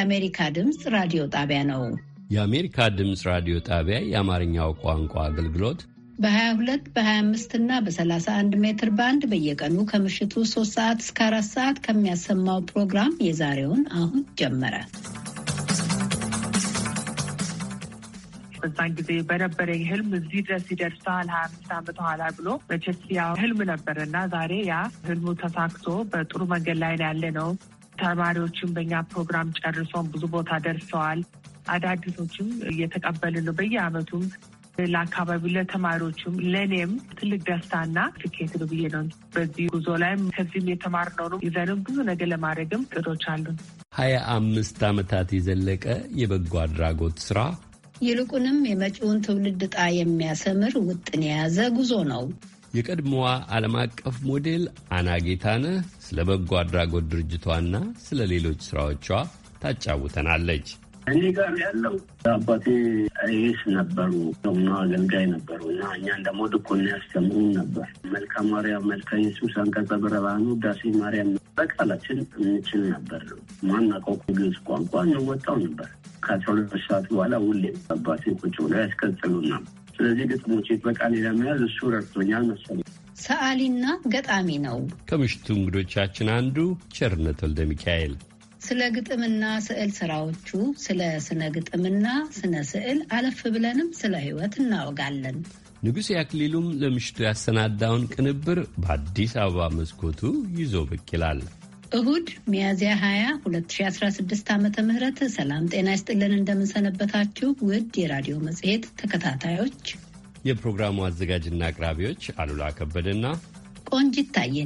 የአሜሪካ ድምፅ ራዲዮ ጣቢያ ነው። የአሜሪካ ድምፅ ራዲዮ ጣቢያ የአማርኛው ቋንቋ አገልግሎት በ22 በ25 እና በ31 ሜትር ባንድ በየቀኑ ከምሽቱ 3 ሰዓት እስከ 4 ሰዓት ከሚያሰማው ፕሮግራም የዛሬውን አሁን ጀመረ። በዛን ጊዜ በነበረኝ ህልም እዚህ ድረስ ይደርሳል ሀያ አምስት ዓመት ኋላ ብሎ መቼስ ያው ህልም ነበር እና ዛሬ ያ ህልሙ ተሳክቶ በጥሩ መንገድ ላይ ያለ ነው። ተማሪዎችም በእኛ ፕሮግራም ጨርሶም ብዙ ቦታ ደርሰዋል። አዳዲሶችም እየተቀበልን ነው። በየአመቱም ለአካባቢው ለተማሪዎችም ለእኔም ትልቅ ደስታና ስኬት ነው ብዬ ነው። በዚህ ጉዞ ላይም ከዚህም የተማርነው ይዘንም ብዙ ነገር ለማድረግም ጥሮች አሉን። ሀያ አምስት ዓመታት የዘለቀ የበጎ አድራጎት ስራ ይልቁንም የመጪውን ትውልድ ዕጣ የሚያሰምር ውጥን የያዘ ጉዞ ነው። የቀድሞዋ ዓለም አቀፍ ሞዴል አና ጌታነህ ስለ በጎ አድራጎት ድርጅቷና ስለ ሌሎች ስራዎቿ ታጫውተናለች። እኔ ጋር ያለው አባቴ አይስ ነበሩ እና አገልጋይ ነበሩ እና እኛን ደግሞ ድቁና ያስተምሩ ነበር። መልካ ማርያም፣ መልካ ኢየሱስ፣ አንቀጸ ብርሃኑ፣ ዳሴ ማርያም በቃላችን እንችል ነበር። ማናውቀው ግዕዝ ቋንቋ እንወጣው ነበር። ከአስራ ሁለት ሰዓት በኋላ ሁሌ አባቴ ቁጭ ብሎ ያስቀጽሉና ስለዚህ ግጥሞች በቃሌ ለመያዝ እሱ ረድቶኛል መሰለኝ። ሰዓሊና ገጣሚ ነው። ከምሽቱ እንግዶቻችን አንዱ ቸርነት ወልደ ሚካኤል ስለ ግጥምና ስዕል ስራዎቹ፣ ስለ ስነ ግጥምና ስነ ስዕል አለፍ ብለንም ስለ ህይወት እናወጋለን። ንጉሥ አክሊሉም ለምሽቱ ያሰናዳውን ቅንብር በአዲስ አበባ መስኮቱ ይዞ ብቅ ይላል። እሁድ ሚያዝያ 20 2016 ዓ ም ሰላም ጤና ይስጥልን። እንደምንሰነበታችሁ ውድ የራዲዮ መጽሔት ተከታታዮች፣ የፕሮግራሙ አዘጋጅና አቅራቢዎች አሉላ ከበደና ቆንጂት ታየ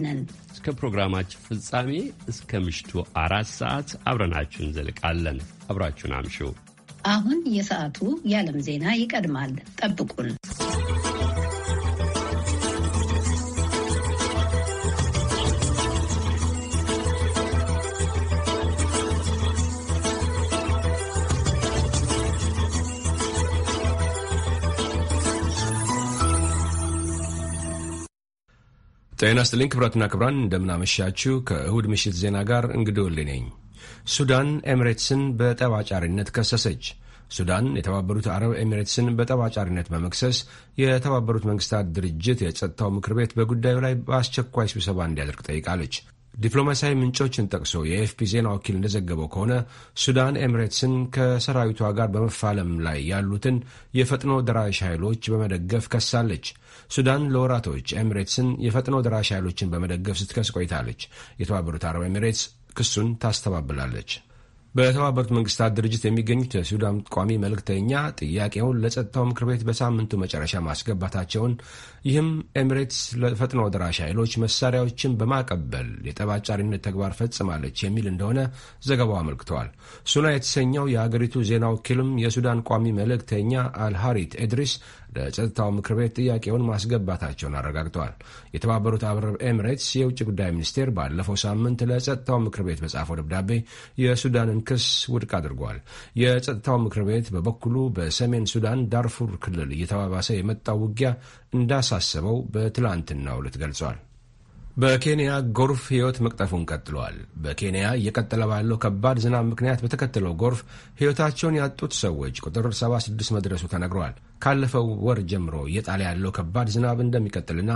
እስከ ፕሮግራማችን ፍጻሜ እስከ ምሽቱ አራት ሰዓት አብረናችሁ እንዘልቃለን። አብራችሁን አምሹ። አሁን የሰዓቱ የዓለም ዜና ይቀድማል። ጠብቁን። ጤና ይስጥልኝ ክቡራትና ክብራን፣ እንደምናመሻችሁ። ከእሁድ ምሽት ዜና ጋር እንግዲህ ነኝ። ሱዳን ኤሚሬትስን በጠባጫሪነት ከሰሰች። ሱዳን የተባበሩት አረብ ኤሚሬትስን በጠባጫሪነት በመክሰስ የተባበሩት መንግስታት ድርጅት የጸጥታው ምክር ቤት በጉዳዩ ላይ በአስቸኳይ ስብሰባ እንዲያደርግ ጠይቃለች። ዲፕሎማሲያዊ ምንጮችን ጠቅሶ የኤፍፒ ዜና ወኪል እንደዘገበው ከሆነ ሱዳን ኤሚሬትስን ከሰራዊቷ ጋር በመፋለም ላይ ያሉትን የፈጥኖ ደራሽ ኃይሎች በመደገፍ ከሳለች። ሱዳን ለወራቶች ኤምሬትስን የፈጥኖ ደራሽ ኃይሎችን በመደገፍ ስትከስ ቆይታለች። የተባበሩት አረብ ኤሚሬትስ ክሱን ታስተባብላለች። በተባበሩት መንግስታት ድርጅት የሚገኙት የሱዳን ቋሚ መልእክተኛ ጥያቄውን ለጸጥታው ምክር ቤት በሳምንቱ መጨረሻ ማስገባታቸውን ይህም ኤሚሬትስ ለፈጥኖ ደራሽ ኃይሎች መሳሪያዎችን በማቀበል የጠብ አጫሪነት ተግባር ፈጽማለች የሚል እንደሆነ ዘገባው አመልክተዋል። ሱና የተሰኘው የአገሪቱ ዜና ወኪልም የሱዳን ቋሚ መልእክተኛ አልሃሪት ኤድሪስ ለጸጥታው ምክር ቤት ጥያቄውን ማስገባታቸውን አረጋግጠዋል። የተባበሩት አረብ ኤምሬትስ የውጭ ጉዳይ ሚኒስቴር ባለፈው ሳምንት ለጸጥታው ምክር ቤት በጻፈው ደብዳቤ የሱዳንን ክስ ውድቅ አድርጓል። የጸጥታው ምክር ቤት በበኩሉ በሰሜን ሱዳን ዳርፉር ክልል እየተባባሰ የመጣው ውጊያ እንዳሳሰበው በትላንትናው ዕለት ገልጿል። በኬንያ ጎርፍ ሕይወት መቅጠፉን ቀጥሏል። በኬንያ እየቀጠለ ባለው ከባድ ዝናብ ምክንያት በተከተለው ጎርፍ ሕይወታቸውን ያጡት ሰዎች ቁጥር 76 መድረሱ ተነግሯል። ካለፈው ወር ጀምሮ እየጣለ ያለው ከባድ ዝናብ እንደሚቀጥልና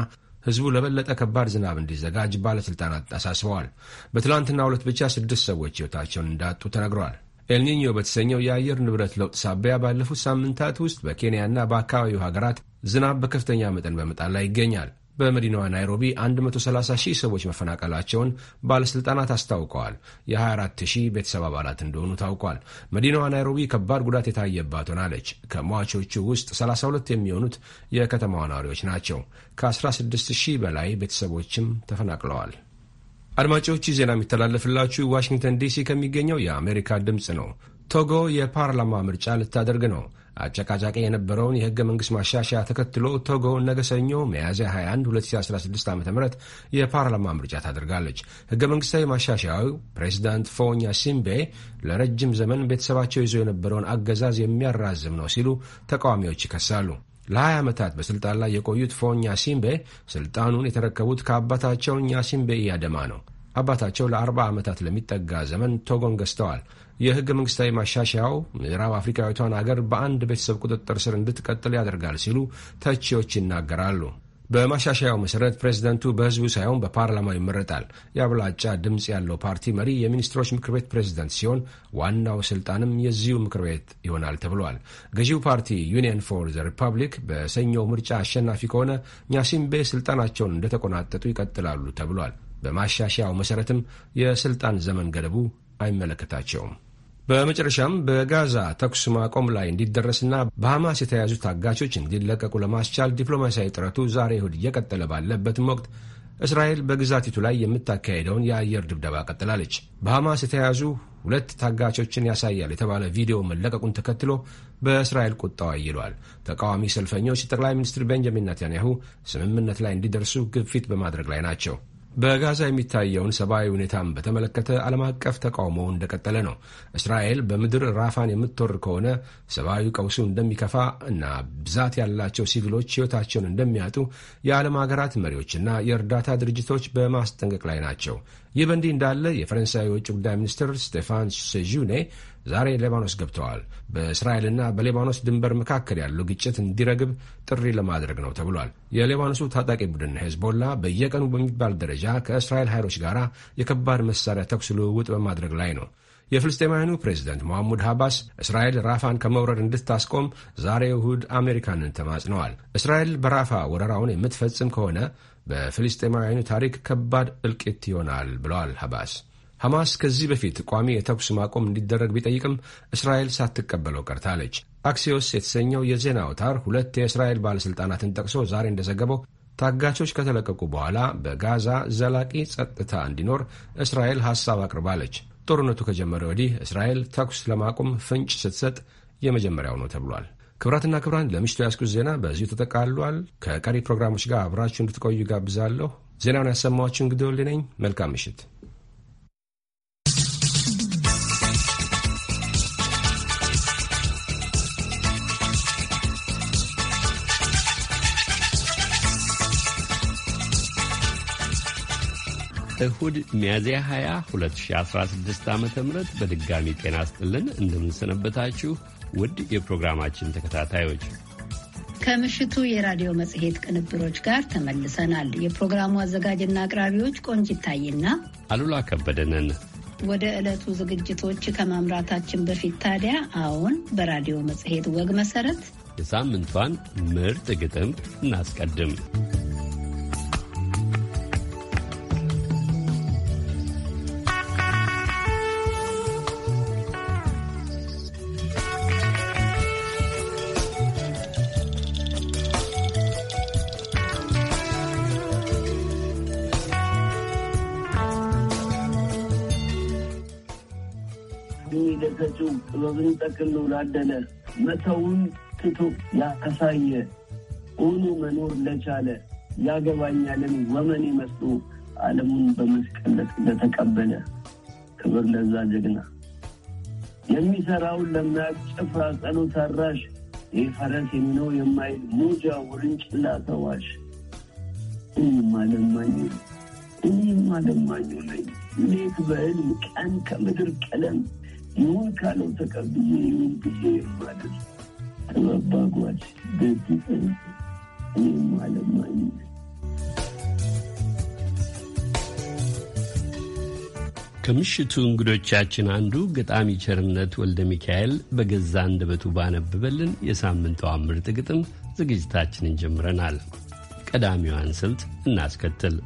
ሕዝቡ ለበለጠ ከባድ ዝናብ እንዲዘጋጅ ባለሥልጣናት አሳስበዋል። በትላንትና ሁለት ብቻ ስድስት ሰዎች ሕይወታቸውን እንዳጡ ተነግረዋል። ኤልኒኞ በተሰኘው የአየር ንብረት ለውጥ ሳቢያ ባለፉት ሳምንታት ውስጥ በኬንያና በአካባቢው ሀገራት ዝናብ በከፍተኛ መጠን በመጣል ላይ ይገኛል። በመዲናዋ ናይሮቢ 130 ሺህ ሰዎች መፈናቀላቸውን ባለሥልጣናት አስታውቀዋል። የ24 ሺህ ቤተሰብ አባላት እንደሆኑ ታውቋል። መዲናዋ ናይሮቢ ከባድ ጉዳት የታየባት ሆናለች። ከሟቾቹ ውስጥ 32 የሚሆኑት የከተማዋ ነዋሪዎች ናቸው። ከ16 ሺህ በላይ ቤተሰቦችም ተፈናቅለዋል። አድማጮች ዜና የሚተላለፍላችሁ ዋሽንግተን ዲሲ ከሚገኘው የአሜሪካ ድምፅ ነው። ቶጎ የፓርላማ ምርጫ ልታደርግ ነው። አጨቃጫቂ የነበረውን የህገ መንግሥት ማሻሻያ ተከትሎ ቶጎ ነገ ሰኞ ሚያዝያ 21 2016 ዓ ም የፓርላማ ምርጫ ታደርጋለች። ህገ መንግሥታዊ ማሻሻያው ፕሬዚዳንት ፎኛ ሲምቤ ለረጅም ዘመን ቤተሰባቸው ይዞ የነበረውን አገዛዝ የሚያራዝም ነው ሲሉ ተቃዋሚዎች ይከሳሉ። ለ20 ዓመታት በሥልጣን ላይ የቆዩት ፎኛ ሲምቤ ሥልጣኑን የተረከቡት ከአባታቸው ኛሲምቤ እያደማ ነው። አባታቸው ለ40 ዓመታት ለሚጠጋ ዘመን ቶጎን ገዝተዋል። የህገ መንግስታዊ ማሻሻያው ምዕራብ አፍሪካዊቷን አገር በአንድ ቤተሰብ ቁጥጥር ስር እንድትቀጥል ያደርጋል ሲሉ ተቺዎች ይናገራሉ። በማሻሻያው መሰረት ፕሬዝደንቱ በህዝቡ ሳይሆን በፓርላማው ይመረጣል። የአብላጫ ድምፅ ያለው ፓርቲ መሪ የሚኒስትሮች ምክር ቤት ፕሬዝደንት ሲሆን ዋናው ስልጣንም የዚሁ ምክር ቤት ይሆናል ተብሏል። ገዢው ፓርቲ ዩኒየን ፎር ዘ ሪፐብሊክ በሰኞው ምርጫ አሸናፊ ከሆነ ኛሲምቤ ስልጣናቸውን እንደተቆናጠጡ ይቀጥላሉ ተብሏል። በማሻሻያው መሰረትም የስልጣን ዘመን ገደቡ አይመለከታቸውም። በመጨረሻም በጋዛ ተኩስ ማቆም ላይ እንዲደረስና በሐማስ የተያዙ ታጋቾች እንዲለቀቁ ለማስቻል ዲፕሎማሲያዊ ጥረቱ ዛሬ እሁድ እየቀጠለ ባለበትም ወቅት እስራኤል በግዛቲቱ ላይ የምታካሄደውን የአየር ድብደባ ቀጥላለች። በሐማስ የተያዙ ሁለት ታጋቾችን ያሳያል የተባለ ቪዲዮ መለቀቁን ተከትሎ በእስራኤል ቁጣዋ ይሏል። ተቃዋሚ ሰልፈኞች ጠቅላይ ሚኒስትር ቤንጃሚን ነታንያሁ ስምምነት ላይ እንዲደርሱ ግፊት በማድረግ ላይ ናቸው። በጋዛ የሚታየውን ሰብአዊ ሁኔታን በተመለከተ ዓለም አቀፍ ተቃውሞ እንደቀጠለ ነው። እስራኤል በምድር ራፋን የምትወር ከሆነ ሰብአዊ ቀውሱ እንደሚከፋ እና ብዛት ያላቸው ሲቪሎች ሕይወታቸውን እንደሚያጡ የዓለም ሀገራት መሪዎችና የእርዳታ ድርጅቶች በማስጠንቀቅ ላይ ናቸው። ይህ በእንዲህ እንዳለ የፈረንሳይ የውጭ ጉዳይ ሚኒስትር ስቴፋን ሴዡኔ ዛሬ ሌባኖስ ገብተዋል። በእስራኤልና በሌባኖስ ድንበር መካከል ያለው ግጭት እንዲረግብ ጥሪ ለማድረግ ነው ተብሏል። የሌባኖሱ ታጣቂ ቡድን ሄዝቦላ በየቀኑ በሚባል ደረጃ ከእስራኤል ኃይሎች ጋር የከባድ መሳሪያ ተኩስ ልውውጥ በማድረግ ላይ ነው። የፍልስጤማውያኑ ፕሬዚደንት መሐሙድ ሐባስ እስራኤል ራፋን ከመውረድ እንድታስቆም ዛሬ እሁድ አሜሪካንን ተማጽነዋል። እስራኤል በራፋ ወረራውን የምትፈጽም ከሆነ በፍልስጤማውያኑ ታሪክ ከባድ እልቂት ይሆናል ብለዋል ሐባስ። ሐማስ ከዚህ በፊት ቋሚ የተኩስ ማቆም እንዲደረግ ቢጠይቅም እስራኤል ሳትቀበለው ቀርታለች። አክሲዮስ የተሰኘው የዜና አውታር ሁለት የእስራኤል ባለሥልጣናትን ጠቅሶ ዛሬ እንደዘገበው ታጋቾች ከተለቀቁ በኋላ በጋዛ ዘላቂ ጸጥታ እንዲኖር እስራኤል ሐሳብ አቅርባለች። ጦርነቱ ከጀመረ ወዲህ እስራኤል ተኩስ ለማቆም ፍንጭ ስትሰጥ የመጀመሪያው ነው ተብሏል። ክብራትና ክብራን ለምሽቱ ያስኩት ዜና በዚሁ ተጠቃልሏል። ከቀሪ ፕሮግራሞች ጋር አብራችሁ እንድትቆዩ ጋብዛለሁ። ዜናውን ያሰማኋችሁ እንግዲህ መልካም ምሽት። እሁድ ሚያዝያ 20 2016 ዓ ም በድጋሚ ጤና ስጥልን እንደምንሰነበታችሁ ውድ የፕሮግራማችን ተከታታዮች ከምሽቱ የራዲዮ መጽሔት ቅንብሮች ጋር ተመልሰናል። የፕሮግራሙ አዘጋጅና አቅራቢዎች ቆንጅ ይታይና አሉላ ከበደነን። ወደ ዕለቱ ዝግጅቶች ከማምራታችን በፊት ታዲያ አሁን በራዲዮ መጽሔት ወግ መሰረት የሳምንቷን ምርጥ ግጥም እናስቀድም። ጥበብን ጠቅሎ ላደለ መተውን ትቶ ያሳየ ሆኖ መኖር ለቻለ ያገባኛልን ወመኔ መስሎ ዓለሙን በመስቀለት ለተቀበለ ክብር ለዛ ጀግና የሚሰራውን ለማያውቅ ጭፍራ ጸሎት ይህ ፈረስ የሚነው የማይል ሙጃ ውርንጭላ ተዋሽ እኔማ ለማኝ እኔማ ለማኝ ነኝ ሌት በዕልም ቀን ከምድር ቀለም ይሁን ካለው ተቀብዬ ይሁን ጊዜ ማለት ጥበብ አጓጅ እኔም ማለት ከምሽቱ እንግዶቻችን አንዱ ገጣሚ ቸርነት ወልደ ሚካኤል በገዛ አንደበቱ ባነብበልን የሳምንቷ ምርጥ ግጥም ዝግጅታችንን ጀምረናል። ቀዳሚዋን ስልት እናስከትል።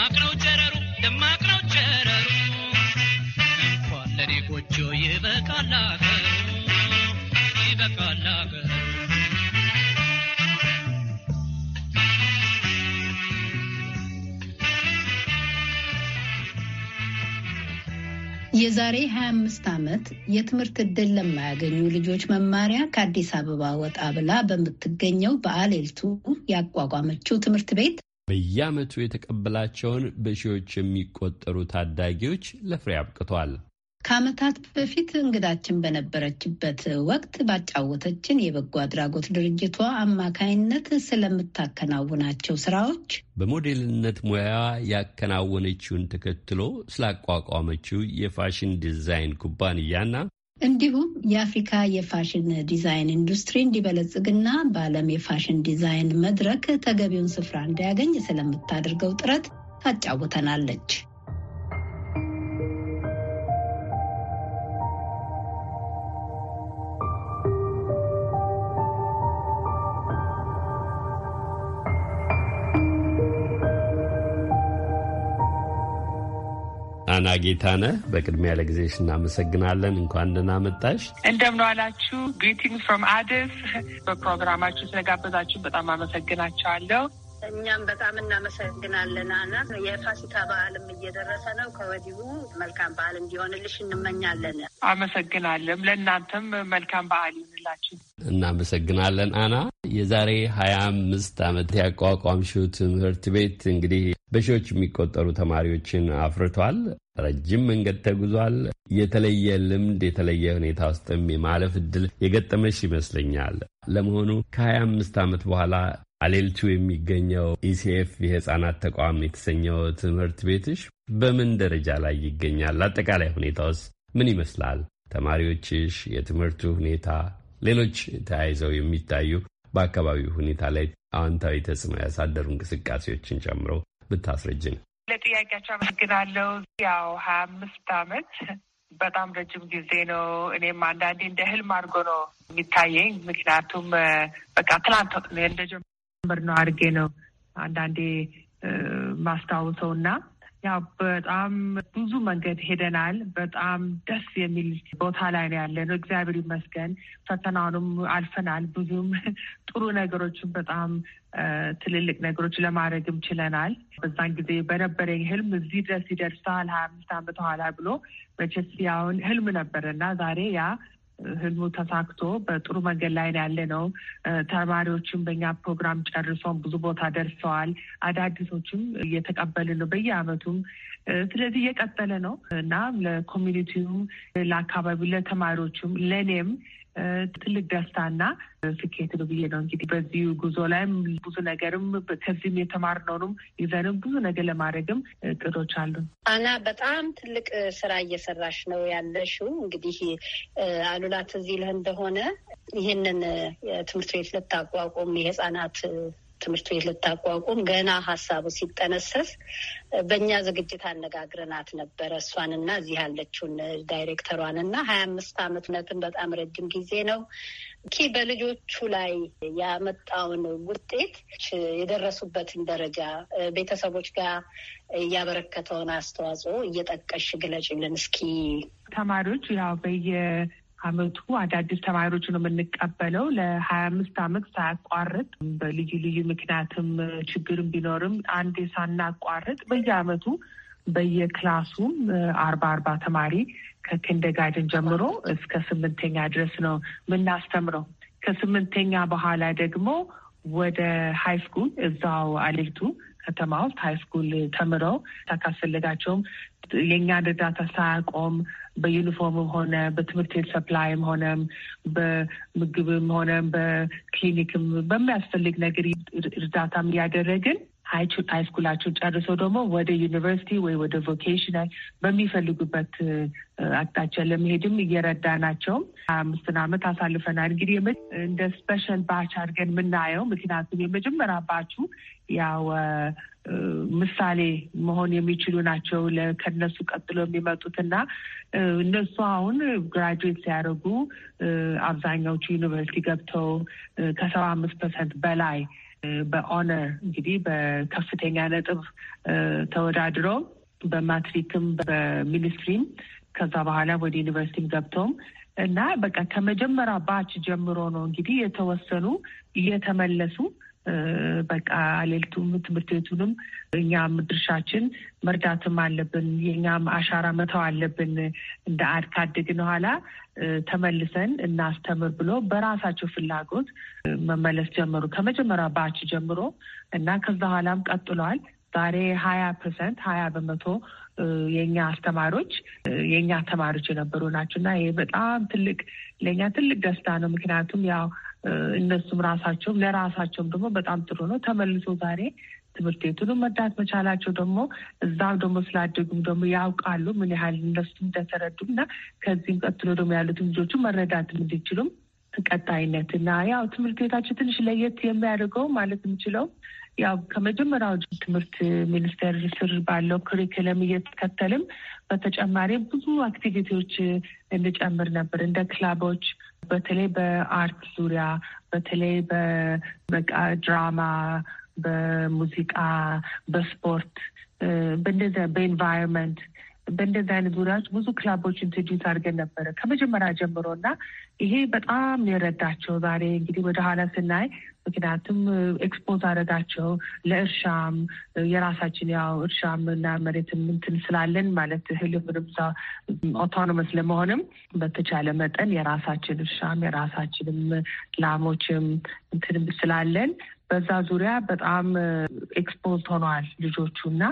ደማቅ ነው ጨረሩ ደማቅ ነው ጨረሩ እንኳን ለኔ ጎጆ ይበቃል አገሩ ይበቃል አገሩ የዛሬ 25 ዓመት የትምህርት ዕድል ለማያገኙ ልጆች መማሪያ ከአዲስ አበባ ወጣ ብላ በምትገኘው በአሌልቱ ያቋቋመችው ትምህርት ቤት በየዓመቱ የተቀበላቸውን በሺዎች የሚቆጠሩ ታዳጊዎች ለፍሬ አብቅቷል። ከዓመታት በፊት እንግዳችን በነበረችበት ወቅት ባጫወተችን የበጎ አድራጎት ድርጅቷ አማካይነት ስለምታከናውናቸው ስራዎች በሞዴልነት ሙያዋ ያከናወነችውን ተከትሎ ስላቋቋመችው የፋሽን ዲዛይን ኩባንያና እንዲሁም የአፍሪካ የፋሽን ዲዛይን ኢንዱስትሪ እንዲበለጽግና በዓለም የፋሽን ዲዛይን መድረክ ተገቢውን ስፍራ እንዲያገኝ ስለምታደርገው ጥረት ታጫውተናለች። ሀና ጌታነህ በቅድሚያ ለጊዜሽ እናመሰግናለን። እንኳን ደህና መጣሽ። እንደምን ዋላችሁ። ግሪቲንግስ ፍሮም አዲስ። በፕሮግራማችሁ ስለጋበዛችሁ በጣም አመሰግናቸዋለሁ። እኛም በጣም እናመሰግናለን አና የፋሲካ በዓልም እየደረሰ ነው። ከወዲሁ መልካም በዓል እንዲሆንልሽ እንመኛለን። አመሰግናለም። ለእናንተም መልካም በዓል ይሁንላችሁ። እናመሰግናለን አና። የዛሬ ሀያ አምስት ዓመት ያቋቋምሽው ትምህርት ቤት እንግዲህ በሺዎች የሚቆጠሩ ተማሪዎችን አፍርቷል። ረጅም መንገድ ተጉዟል። የተለየ ልምድ፣ የተለየ ሁኔታ ውስጥም የማለፍ እድል የገጠመሽ ይመስለኛል። ለመሆኑ ከሀያ አምስት ዓመት በኋላ አሌልቱ የሚገኘው ኢሲኤፍ የህፃናት ተቋም የተሰኘው ትምህርት ቤትሽ በምን ደረጃ ላይ ይገኛል? አጠቃላይ ሁኔታውስ ምን ይመስላል? ተማሪዎችሽ፣ የትምህርቱ ሁኔታ፣ ሌሎች ተያይዘው የሚታዩ በአካባቢው ሁኔታ ላይ አዎንታዊ ተጽዕኖ ያሳደሩ እንቅስቃሴዎችን ጨምሮ ብታስረጅን። ለጥያቄያቸው አመሰግናለሁ። ያው ሀያ አምስት አመት በጣም ረጅም ጊዜ ነው። እኔም አንዳንዴ እንደ ህልም አድርጎ ነው የሚታየኝ። ምክንያቱም በቃ ትናንት እንደጀ በር ነው አድርጌ ነው አንዳንዴ ማስታውሰው እና ያ በጣም ብዙ መንገድ ሄደናል። በጣም ደስ የሚል ቦታ ላይ ነው ያለ ነው። እግዚአብሔር ይመስገን ፈተናውንም አልፈናል። ብዙም ጥሩ ነገሮችን በጣም ትልልቅ ነገሮች ለማድረግም ችለናል። በዛን ጊዜ በነበረኝ ህልም እዚህ ድረስ ይደርሳል ሀያ አምስት አመት ኋላ ብሎ መቼስ ያውን ህልም ነበረና ዛሬ ያ ህልሙ ተሳክቶ በጥሩ መንገድ ላይ ያለ ነው። ተማሪዎችም በእኛ ፕሮግራም ጨርሰው ብዙ ቦታ ደርሰዋል። አዳዲሶችም እየተቀበልን ነው በየአመቱም። ስለዚህ እየቀጠለ ነው እና ለኮሚኒቲውም፣ ለአካባቢው፣ ለተማሪዎችም ለእኔም ትልቅ ደስታና ስኬት ነው ብዬ ነው እንግዲህ በዚህ ጉዞ ላይም ብዙ ነገርም ከዚህም የተማርነውንም ይዘንም ብዙ ነገር ለማድረግም እቅዶች አሉ። አና በጣም ትልቅ ስራ እየሰራሽ ነው ያለሽው። እንግዲህ አሉላት እዚህ ይልህ እንደሆነ ይህንን ትምህርት ቤት ልታቋቁም የህፃናት ትምህርት ቤት ልታቋቁም ገና ሀሳቡ ሲጠነሰስ በእኛ ዝግጅት አነጋግረናት ነበረ እሷንና እዚህ ያለችውን ዳይሬክተሯን እና ሀያ አምስት ዓመትነትን በጣም ረጅም ጊዜ ነው። ኪ በልጆቹ ላይ ያመጣውን ውጤት የደረሱበትን ደረጃ ቤተሰቦች ጋር እያበረከተውን አስተዋጽኦ እየጠቀሽ ግለጭልን እስኪ። ተማሪዎች ያው በየ አመቱ አዳዲስ ተማሪዎች ነው የምንቀበለው። ለሀያ አምስት አመት ሳያቋርጥ በልዩ ልዩ ምክንያትም ችግርም ቢኖርም አንዴ ሳናቋርጥ በየአመቱ በየክላሱም አርባ አርባ ተማሪ ከኪንደጋድን ጀምሮ እስከ ስምንተኛ ድረስ ነው የምናስተምረው። ከስምንተኛ በኋላ ደግሞ ወደ ሀይ ስኩል እዛው አሌቱ ከተማ ውስጥ ሀይ ስኩል ተምረው ካስፈለጋቸውም የእኛ እርዳታ ሳያቆም በዩኒፎርምም ሆነ በትምህርት ቤት ሰፕላይም ሆነም በምግብም ሆነም በክሊኒክም በሚያስፈልግ ነገር እርዳታም እያደረግን ሃይስኩላቸውን ጨርሰው ደግሞ ወደ ዩኒቨርሲቲ ወይ ወደ ቮኬሽናል በሚፈልጉበት አቅጣጫ ለመሄድም እየረዳናቸውም አምስትን ዓመት አሳልፈናል። እንግዲህ እንደ ስፔሻል ባች አድርገን የምናየው ምክንያቱም የመጀመሪያ ባቹ ያው ምሳሌ መሆን የሚችሉ ናቸው ከነሱ ቀጥሎ የሚመጡት እና እነሱ አሁን ግራጁዌት ሲያደርጉ አብዛኛዎቹ ዩኒቨርሲቲ ገብተው ከሰባ አምስት ፐርሰንት በላይ በኦነር እንግዲህ በከፍተኛ ነጥብ ተወዳድረው በማትሪክም በሚኒስትሪም ከዛ በኋላ ወደ ዩኒቨርሲቲም ገብተውም እና በቃ ከመጀመሪያ ባች ጀምሮ ነው እንግዲህ የተወሰኑ እየተመለሱ በቃ ሌልቱም ትምህርት ቤቱንም እኛም ድርሻችን መርዳትም አለብን። የእኛም አሻራ መተው አለብን። እንደ አድ ካደግን ኋላ ተመልሰን እናስተምር ብሎ በራሳቸው ፍላጎት መመለስ ጀመሩ ከመጀመሪያ ባች ጀምሮ እና ከዛ ኋላም ቀጥሏል። ዛሬ ሀያ ፐርሰንት ሀያ በመቶ የእኛ አስተማሪዎች የእኛ ተማሪዎች የነበሩ ናቸው እና ይህ በጣም ትልቅ ለእኛ ትልቅ ደስታ ነው። ምክንያቱም ያው እነሱም ራሳቸውም ለራሳቸውም ደግሞ በጣም ጥሩ ነው። ተመልሶ ዛሬ ትምህርት ቤቱንም መዳት መቻላቸው ደግሞ እዛም ደግሞ ስላደጉም ደግሞ ያውቃሉ ምን ያህል እነሱ እንደተረዱ እና ከዚህም ቀጥሎ ደግሞ ያሉት ልጆቹ መረዳት እንዲችሉም ቀጣይነት እና ያው ትምህርት ቤታችን ትንሽ ለየት የሚያደርገው ማለት የምችለው ያው ከመጀመሪያው ትምህርት ሚኒስቴር ስር ባለው ክሪክለም እየተከተልም በተጨማሪ ብዙ አክቲቪቲዎች እንጨምር ነበር እንደ ክላቦች በተለይ በአርት ዙሪያ በተለይ በበቃ ድራማ፣ በሙዚቃ፣ በስፖርት፣ በእንደዚ በኤንቫይሮንመንት በእንደዚህ አይነት ዙሪያዎች ብዙ ክላቦች ኢንትሮዲውስ አድርገን ነበረ ከመጀመሪያ ጀምሮ እና ይሄ በጣም የረዳቸው ዛሬ እንግዲህ ወደ ኋላ ስናይ ምክንያቱም ኤክስፖዝ አደረጋቸው ለእርሻም የራሳችን ያው እርሻም እና መሬትም እንትን ስላለን ማለት ህልም ሰ ኦቶኖመስ ለመሆንም በተቻለ መጠን የራሳችን እርሻም የራሳችንም ላሞችም እንትንም ስላለን በዛ ዙሪያ በጣም ኤክስፖዝ ሆነዋል ልጆቹ እና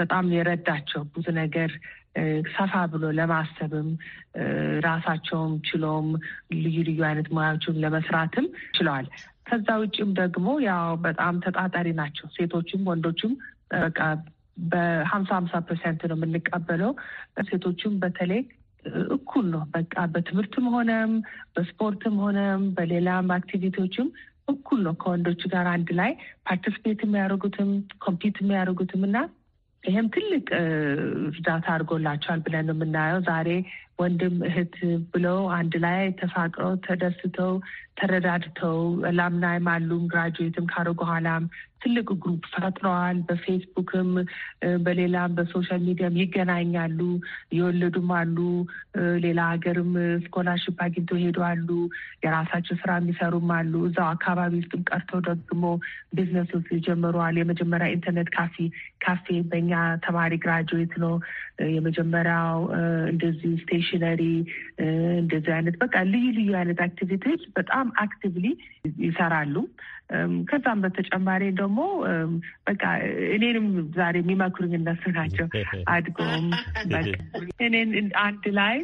በጣም የረዳቸው ብዙ ነገር ሰፋ ብሎ ለማሰብም ራሳቸውም ችሎም ልዩ ልዩ አይነት ሙያዎችን ለመስራትም ችለዋል። ከዛ ውጭም ደግሞ ያው በጣም ተጣጣሪ ናቸው ሴቶችም ወንዶችም በቃ በሀምሳ ሀምሳ ፐርሰንት ነው የምንቀበለው። ሴቶችም በተለይ እኩል ነው በቃ በትምህርትም ሆነም በስፖርትም ሆነም በሌላም አክቲቪቲዎችም እኩል ነው ከወንዶች ጋር አንድ ላይ ፓርቲስፔት የሚያደርጉትም ኮምፒት የሚያደርጉትም እና ይህም ትልቅ እርዳታ አድርጎላቸዋል ብለን ነው የምናየው። ዛሬ ወንድም እህት ብለው አንድ ላይ ተፋቅረው ተደስተው ተረዳድተው ላምናይም አሉም ግራጁዌትም ካደረጉ በኋላም ትልቅ ግሩፕ ፈጥረዋል። በፌስቡክም በሌላም በሶሻል ሚዲያም ይገናኛሉ። የወለዱም አሉ፣ ሌላ ሀገርም ስኮላርሽፕ አግኝተው ሄዱ አሉ፣ የራሳቸው ስራ የሚሰሩም አሉ። እዛው አካባቢ ውስጥም ቀርተው ደግሞ ቢዝነሶች ጀምረዋል። የመጀመሪያ ኢንተርኔት ካፌ ካፌ በእኛ ተማሪ ግራጁዌት ነው የመጀመሪያው። እንደዚህ ስቴሽነሪ እንደዚህ አይነት በቃ ልዩ ልዩ አይነት አክቲቪቲዎች በጣም አክቲቭሊ ይሰራሉ። ከዛም በተጨማሪ ደግሞ በቃ እኔንም ዛሬ የሚመክሩኝ እነሱ ናቸው። እኔን አንድ ላይ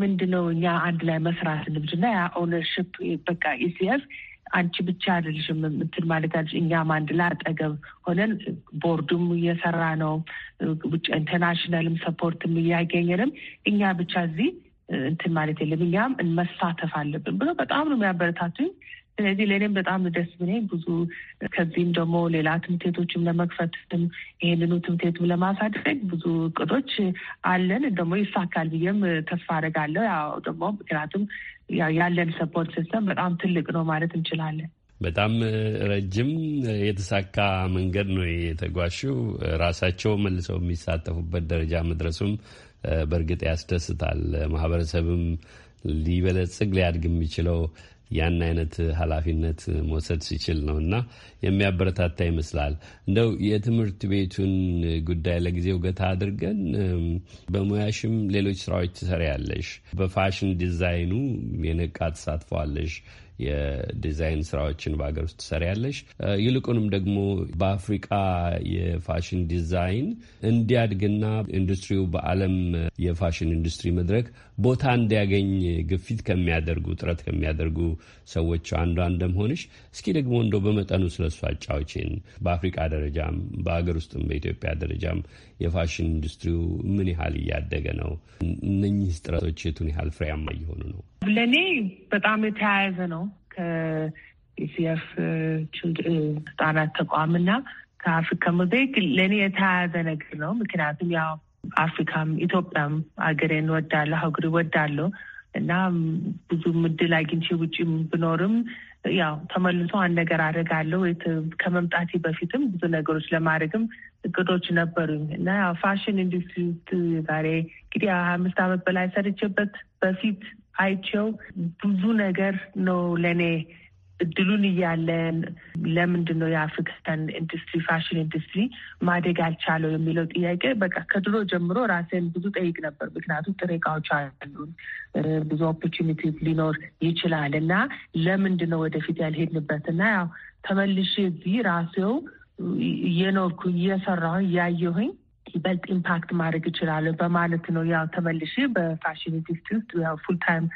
ምንድነው እኛ አንድ ላይ መስራት ልምድና ያ ኦነርሽፕ በቃ ኢሲኤፍ አንቺ ብቻ አይደልሽም እንትን ማለት ያለሽ እኛም አንድ ላይ አጠገብ ሆነን ቦርዱም እየሰራ ነው። ኢንተርናሽናልም ሰፖርትም እያገኘንም እኛ ብቻ እዚህ እንትን ማለት የለም እኛም እንመሳተፍ አለብን ብሎ በጣም ነው የሚያበረታቱኝ። ስለዚህ ለእኔም በጣም ደስ ብለኝ ብዙ ከዚህም ደግሞ ሌላ ትምቴቶችም ለመክፈትም ይህንኑ ትምቴቱም ለማሳደግ ብዙ እቅዶች አለን። ደግሞ ይሳካል ብዬም ተስፋ አደርጋለሁ። ያው ደግሞ ምክንያቱም ያለን ሰፖርት ሲስተም በጣም ትልቅ ነው ማለት እንችላለን። በጣም ረጅም የተሳካ መንገድ ነው የተጓሹ ራሳቸው መልሰው የሚሳተፉበት ደረጃ መድረሱም በእርግጥ ያስደስታል። ማህበረሰብም ሊበለጽግ ሊያድግ የሚችለው ያን አይነት ኃላፊነት መውሰድ ሲችል ነው እና የሚያበረታታ ይመስላል። እንደው የትምህርት ቤቱን ጉዳይ ለጊዜው ገታ አድርገን በሙያሽም ሌሎች ስራዎች ትሰሪያለሽ። በፋሽን ዲዛይኑ የነቃ ተሳትፎ የዲዛይን ስራዎችን በሀገር ውስጥ ትሰሪያለሽ። ይልቁንም ደግሞ በአፍሪቃ የፋሽን ዲዛይን እንዲያድግና ኢንዱስትሪው በዓለም የፋሽን ኢንዱስትሪ መድረክ ቦታ እንዲያገኝ ግፊት ከሚያደርጉ ጥረት ከሚያደርጉ ሰዎች አንዷ እንደመሆንሽ እስኪ ደግሞ እንደው በመጠኑ ስለ አጫዎችን በአፍሪቃ ደረጃም በሀገር ውስጥም በኢትዮጵያ ደረጃም የፋሽን ኢንዱስትሪው ምን ያህል እያደገ ነው? እነኚህ ጥረቶች የቱን ያህል ፍሬያማ እየሆኑ ነው? ለእኔ በጣም የተያያዘ ነው ከኢሲኤፍ ህጻናት ተቋምና ከአፍሪካ ሞዛይክ ለእኔ የተያያዘ ነገር ነው። ምክንያቱም ያው አፍሪካም ኢትዮጵያም ሀገሬን ወዳለሁ ሀገሬ ወዳለሁ እና ብዙ ምድል አግኝቼ ውጭ ብኖርም ያው ተመልሶ አንድ ነገር አደርጋለሁ። ከመምጣቴ በፊትም ብዙ ነገሮች ለማድረግም እቅዶች ነበሩኝ እና ፋሽን ኢንዱስትሪ ዛሬ እንግዲህ ሀያ አምስት አመት በላይ ሰርቼበት በፊት አይቼው ብዙ ነገር ነው ለእኔ እድሉን እያለን ለምንድን ነው የአፍሪክስተን ኢንዱስትሪ ፋሽን ኢንዱስትሪ ማደግ አልቻለው የሚለው ጥያቄ በቃ ከድሮ ጀምሮ ራሴን ብዙ ጠይቅ ነበር። ምክንያቱም ጥሬ እቃዎች አሉን፣ ብዙ ኦፖርቹኒቲ ሊኖር ይችላል እና ለምንድን ነው ወደፊት ያልሄድንበት እና ያው ተመልሼ እዚህ ራሴው እየኖርኩ እየሰራሁኝ እያየሁኝ ይበልጥ ኢምፓክት ማድረግ ይችላለሁ በማለት ነው ያው ተመልሼ በፋሽን ኢንዱስትሪ ውስጥ ያው ፉል ታይም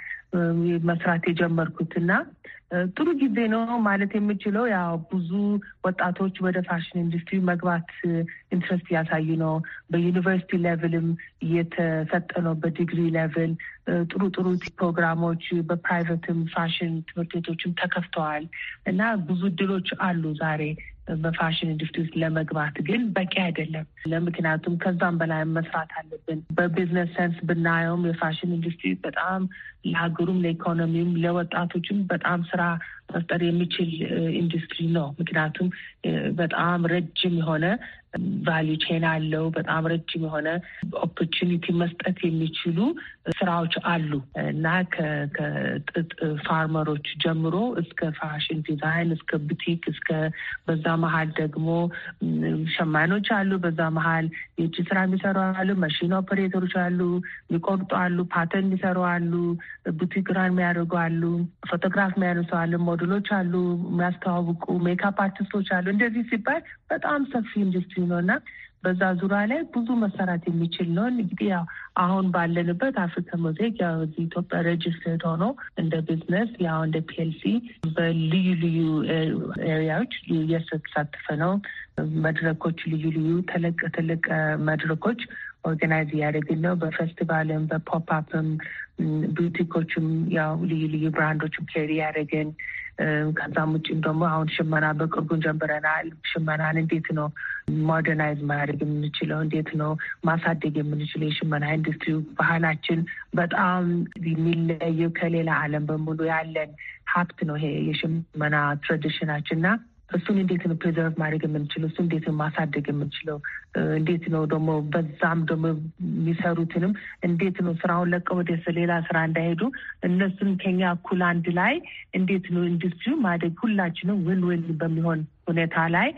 መስራት የጀመርኩት እና ጥሩ ጊዜ ነው ማለት የምችለው ያው ብዙ ወጣቶች ወደ ፋሽን ኢንዱስትሪ መግባት ኢንትረስት እያሳዩ ነው። በዩኒቨርሲቲ ሌቭልም እየተሰጠ ነው። በዲግሪ ሌቭል ጥሩ ጥሩ ፕሮግራሞች በፕራይቬትም ፋሽን ትምህርት ቤቶችም ተከፍተዋል እና ብዙ እድሎች አሉ ዛሬ በፋሽን ኢንዱስትሪ ውስጥ ለመግባት ግን በቂ አይደለም። ለምክንያቱም ከዛም በላይ መስራት አለብን። በቢዝነስ ሰንስ ብናየውም የፋሽን ኢንዱስትሪ በጣም ለሀገሩም ለኢኮኖሚውም ለወጣቶችም በጣም ስራ መፍጠር የሚችል ኢንዱስትሪ ነው። ምክንያቱም በጣም ረጅም የሆነ ቫሊዩ ቼን አለው። በጣም ረጅም የሆነ ኦፖርቹኒቲ መስጠት የሚችሉ ስራዎች አሉ እና ከጥጥ ፋርመሮች ጀምሮ እስከ ፋሽን ዲዛይን፣ እስከ ቡቲክ፣ እስከ በዛ መሀል ደግሞ ሸማኖች አሉ። በዛ መሀል የእጅ ስራ የሚሰሩ አሉ። መሽን ኦፐሬተሮች አሉ። የሚቆርጡ አሉ። ፓተርን የሚሰሩ አሉ። ቡቲክ ቡቲግራን የሚያደርጉ አሉ፣ ፎቶግራፍ ሰው አሉ፣ ሞዴሎች አሉ፣ የሚያስተዋውቁ ሜካፕ አርቲስቶች አሉ። እንደዚህ ሲባል በጣም ሰፊ ኢንዱስትሪ ነው እና በዛ ዙሪያ ላይ ብዙ መሰራት የሚችል ነው። እንግዲህ ያው አሁን ባለንበት አፍሪካ ሞዛይክ ያው እዚህ ኢትዮጵያ ሬጅስትሬድ ሆኖ እንደ ቢዝነስ ያው እንደ ፒኤልሲ በልዩ ልዩ ኤሪያዎች እየተሳተፈ ነው። መድረኮች ልዩ ልዩ ተለቅ ተለቅ መድረኮች ኦርጋናይዝ እያደረግን ነው። በፌስቲቫልም በፖፕአፕም ቡቲኮችም ያው ልዩ ልዩ ብራንዶችም ኬሪ ያደረግን ከዛም ውጭም ደግሞ አሁን ሽመና በቅርቡን ጀምረናል። ሽመናን እንዴት ነው ሞደርናይዝ ማድረግ የምንችለው? እንዴት ነው ማሳደግ የምንችለው? የሽመና ኢንዱስትሪ ባህላችን በጣም የሚለየው ከሌላ ዓለም በሙሉ ያለን ሀብት ነው ይሄ የሽመና ትራዲሽናችን እና እሱን እንዴት ነው ፕሪዘርቭ ማድረግ የምንችለው? እሱ እንዴት ነው ማሳደግ የምንችለው? እንዴት ነው ደግሞ በዛም ደግሞ የሚሰሩትንም እንዴት ነው ስራውን ለቀው ወደ ሌላ ስራ እንዳይሄዱ እነሱን ከኛ እኩል አንድ ላይ እንዴት ነው ኢንዱስትሪው ማደግ ሁላችንም ውን ውን በሚሆን ሁኔታ ላይ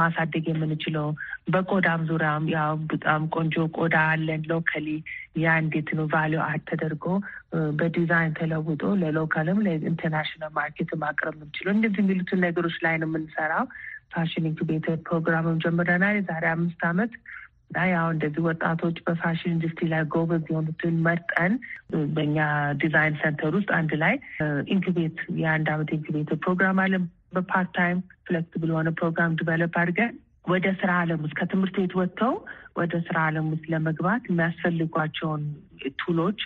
ማሳደግ የምንችለው በቆዳም ዙሪያም ያው በጣም ቆንጆ ቆዳ አለን። ሎካሊ ያ እንዴት ነው ቫሊዩ አድ ተደርጎ በዲዛይን ተለውጦ ለሎካልም ለኢንተርናሽናል ማርኬት ማቅረብ የምንችለው እንደዚህ የሚሉትን ነገሮች ላይ ነው የምንሰራው። ፋሽን ኢንኩቤተር ፕሮግራምም ጀምረናል የዛሬ አምስት ዓመት ያው እንደዚህ ወጣቶች በፋሽን ኢንዱስትሪ ላይ ጎበዝ የሆኑትን መርጠን በእኛ ዲዛይን ሰንተር ውስጥ አንድ ላይ ኢንኩቤት የአንድ ዓመት ኢንኩቤተር ፕሮግራም አለን። በፓርት ታይም ፍሌክስብል የሆነ ፕሮግራም ዲቨሎፕ አድርገን ወደ ስራ አለም ውስጥ ከትምህርት ቤት ወጥተው ወደ ስራ አለም ውስጥ ለመግባት የሚያስፈልጓቸውን ቱሎች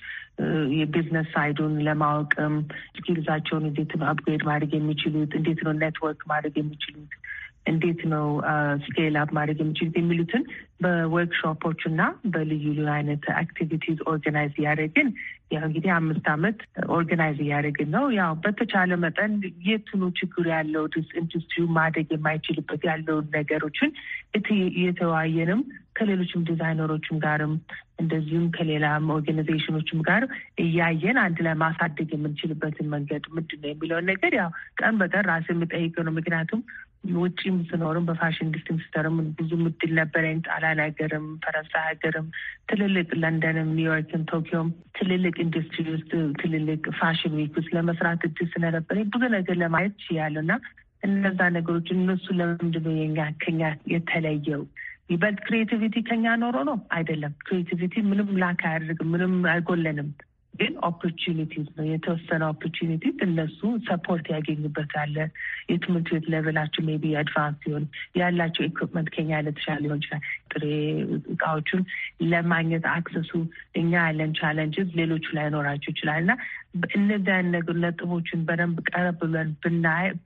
የቢዝነስ ሳይዱን ለማወቅም ስኪልዛቸውን እንዴት ነው አፕግሬድ ማድረግ የሚችሉት፣ እንዴት ነው ኔትወርክ ማድረግ የሚችሉት፣ እንዴት ነው ስኬል አፕ ማድረግ የሚችሉት የሚሉትን በወርክሾፖች እና በልዩ ልዩ አይነት አክቲቪቲዝ ኦርጋናይዝ እያደረግን ያው እንግዲህ አምስት አመት ኦርጋናይዝ እያደረግን ነው። ያው በተቻለ መጠን የትኑ ችግር ያለው ኢንዱስትሪው ማደግ የማይችልበት ያለውን ነገሮችን እየተወያየንም ከሌሎችም ዲዛይነሮችም ጋርም እንደዚሁም ከሌላም ኦርጋናይዜሽኖችም ጋር እያየን አንድ ላይ ማሳደግ የምንችልበትን መንገድ ምንድን ነው የሚለውን ነገር ያው ቀን በቀን ራስ የምጠይቀው ነው። ምክንያቱም ውጭም ስኖርም በፋሽን ኢንዱስትሪም ስተርም ብዙ ምድል ነበረኝ። ጣሊያን ሀገርም፣ ፈረንሳይ ሀገርም፣ ትልልቅ ለንደንም፣ ኒውዮርክም፣ ቶኪዮም ትልልቅ ኢንዱስትሪ ውስጥ ትልልቅ ፋሽን ዊክ ውስጥ ለመስራት እድል ስለነበረኝ ብዙ ነገር ለማየት ችያለሁ እና እነዛ ነገሮች እነሱ ለምንድን የኛ ከኛ የተለየው? ይበልጥ ክሬቲቪቲ ከኛ ኖሮ ነው አይደለም። ክሬቲቪቲ ምንም ላክ አያደርግም፣ ምንም አይጎለንም። ግን ኦፖርቹኒቲዝ ነው። የተወሰነ ኦፖርቹኒቲዝ እነሱ ሰፖርት ያገኙበታል። የትምህርት ቤት ለበላቸው ሜይ ቢ አድቫንስ ሲሆን ያላቸው ኢኩፕመንት ከኛ ለተሻለ ሊሆን ይችላል። ጥሬ እቃዎቹን ለማግኘት አክሰሱ እኛ ያለን ቻለንጅስ ሌሎቹ ላይኖራቸው ይችላል እና እነዚያን ነገር ነጥቦችን በደንብ ቀረብ ብለን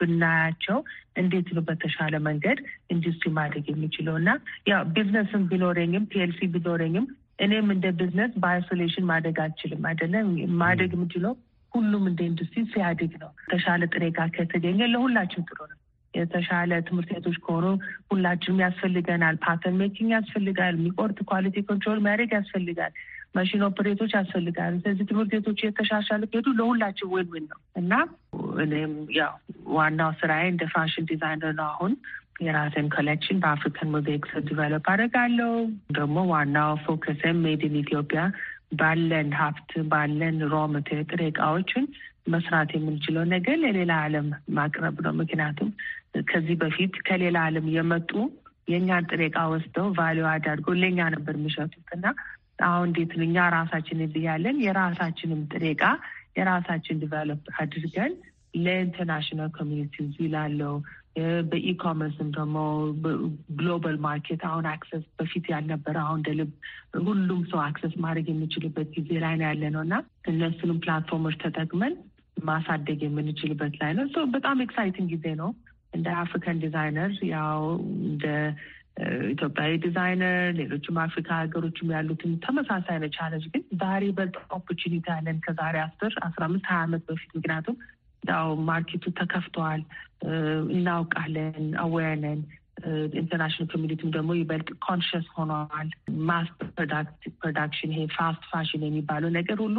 ብናያቸው እንዴት ነው በተሻለ መንገድ ኢንዱስትሪ ማድረግ የሚችለው እና ያው ቢዝነስም ቢኖረኝም ፒኤልሲ ቢኖረኝም እኔም እንደ ቢዝነስ በአይሶሌሽን ማደግ አልችልም። አይደለም ማደግ የምችለው ሁሉም እንደ ኢንዱስትሪ ሲያድግ ነው። የተሻለ ጥሬ ዕቃ ከተገኘ ለሁላችን ጥሩ ነው። የተሻለ ትምህርት ቤቶች ከሆኑ ሁላችንም ያስፈልገናል። ፓተርን ሜኪንግ ያስፈልጋል። የሚቆርጥ ኳሊቲ ኮንትሮል ማድረግ ያስፈልጋል። መሽን ኦፕሬቶች ያስፈልጋል። ስለዚህ ትምህርት ቤቶች የተሻሻለ ሄዱ ለሁላችን ወይን ወይን ነው እና እኔም ያው ዋናው ስራዬ እንደ ፋሽን ዲዛይነር ነው አሁን የራሴን ኮሌክሽን በአፍሪካን ሙዚክ ዲቨሎፕ አደርጋለሁ። ደግሞ ዋናው ፎከስም ሜድን ኢትዮጵያ ባለን ሀብት ባለን ሮ ጥሬ እቃዎችን መስራት የምንችለው ነገር ለሌላ ዓለም ማቅረብ ነው። ምክንያቱም ከዚህ በፊት ከሌላ ዓለም የመጡ የእኛን ጥሬ እቃ ወስደው ቫሊዩ አድርገው ለእኛ ነበር የሚሸጡት እና አሁን እንዴት ነው እኛ ራሳችን ያለን የራሳችንም ጥሬ እቃ የራሳችን ዲቨሎፕ አድርገን ለኢንተርናሽናል ኮሚኒቲ ይላለው በኢኮመርስም ደግሞ ግሎባል ማርኬት አሁን አክሰስ በፊት ያልነበረ አሁን እንደ ልብ ሁሉም ሰው አክሰስ ማድረግ የሚችልበት ጊዜ ላይ ነው ያለ ነው እና እነሱንም ፕላትፎርሞች ተጠቅመን ማሳደግ የምንችልበት ላይ ነው። በጣም ኤክሳይቲንግ ጊዜ ነው። እንደ አፍሪካን ዲዛይነር ያው እንደ ኢትዮጵያዊ ዲዛይነር ሌሎችም አፍሪካ ሀገሮችም ያሉትን ተመሳሳይ ነው ቻለንጅ። ግን ዛሬ በልጥ ኦፖርቹኒቲ ያለን ከዛሬ አስር አስራ አምስት ሀያ አመት በፊት ምክንያቱም ያው ማርኬቱ ተከፍተዋል። እናውቃለን፣ አዌርነን ኢንተርናሽናል ኮሚኒቲም ደግሞ ይበልጥ ኮንሽስ ሆኗል። ማስ ፕሮዳክሽን ይሄ ፋስት ፋሽን የሚባለው ነገር ሁሉ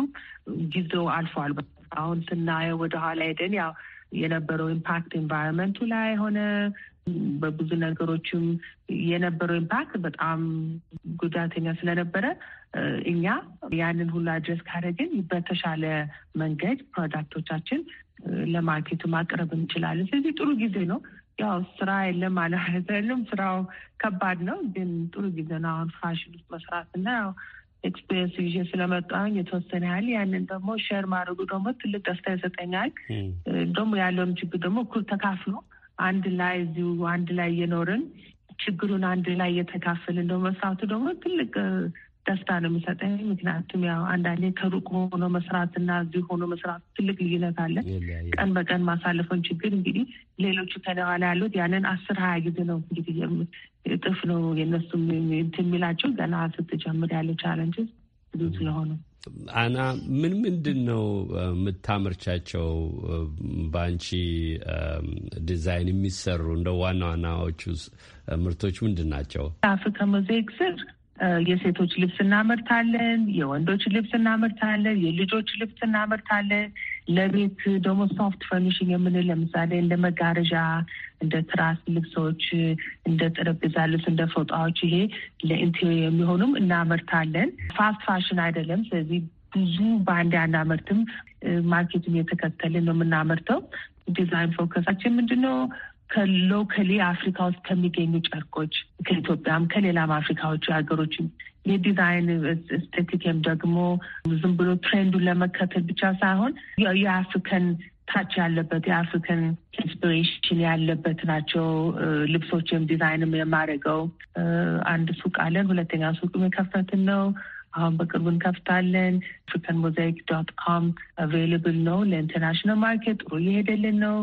ጊዜው አልፏል። አሁን ስናየው ወደኋላ ሄደን ያው የነበረው ኢምፓክት ኤንቫይሮንመንቱ ላይ ሆነ በብዙ ነገሮችም የነበረው ኢምፓክት በጣም ጉዳተኛ ስለነበረ እኛ ያንን ሁሉ አድረስ ካደረግን በተሻለ መንገድ ፕሮዳክቶቻችን ለማርኬቱ ማቅረብ እንችላለን። ስለዚህ ጥሩ ጊዜ ነው። ያው ስራ የለም ማለት ስራው ከባድ ነው፣ ግን ጥሩ ጊዜ ነው። አሁን ፋሽን ውስጥ መስራት እና ያው ኤክስፔሪንስ ይዤ ስለመጣሁኝ የተወሰነ ያህል ያንን ደግሞ ሼር ማድረጉ ደግሞ ትልቅ ደስታ ይሰጠኛል። ደግሞ ያለውን ችግር ደግሞ እኩል ተካፍሎ አንድ ላይ እዚሁ አንድ ላይ እየኖርን ችግሩን አንድ ላይ እየተካፈልን ነው መስራቱ ደግሞ ትልቅ ደስታ ነው የሚሰጠኝ። ምክንያቱም ያው አንዳንዴ ከሩቅ ሆኖ መስራት እና እዚህ ሆኖ መስራት ትልቅ ልዩነት አለ። ቀን በቀን ማሳለፈውን ችግር እንግዲህ ሌሎቹ ከኋላ ያሉት ያንን አስር ሀያ ጊዜ ነው እንግዲህ እጥፍ ነው የነሱ የሚላቸው ገና ስትጀምር ያለ ቻለንጅ ብዙ ስለሆነ አና ምን ምንድን ነው የምታመርቻቸው በአንቺ ዲዛይን የሚሰሩ እንደ ዋና ዋናዎቹ ምርቶች ምንድን ናቸው? አፍሪካ ሞዛይክ ስር የሴቶች ልብስ እናመርታለን፣ የወንዶች ልብስ እናመርታለን፣ የልጆች ልብስ እናመርታለን፣ ለቤት ደግሞ ሶፍት ፈርኒሽንግ የምንል ለምሳሌ እንደ መጋረዣ፣ እንደ ትራስ ልብሶች፣ እንደ ጠረጴዛ ልብስ፣ እንደ ፎጣዎች ይሄ ለኢንቴሪየር የሚሆኑም እናመርታለን። ፋስት ፋሽን አይደለም። ስለዚህ ብዙ በአንድ አናመርትም። ማርኬቱን የተከተልን ነው የምናመርተው። ዲዛይን ፎከሳችን ምንድን ነው? ከሎከሊ አፍሪካ ውስጥ ከሚገኙ ጨርቆች ከኢትዮጵያም ከሌላም አፍሪካዎች ሀገሮች የዲዛይን ስቴቲክ ወይም ደግሞ ዝም ብሎ ትሬንዱን ለመከተል ብቻ ሳይሆን የአፍሪከን ታች ያለበት የአፍሪካን ኢንስፒሬሽን ያለበት ናቸው። ልብሶችም ዲዛይንም የማደርገው አንድ ሱቅ አለን። ሁለተኛ ሱቅ የከፈትን ነው። አሁን በቅርቡ እንከፍታለን። አፍሪካን ሞዛይክ ዶት ካም አቬይላብል ነው። ለኢንተርናሽናል ማርኬት ጥሩ እየሄደልን ነው።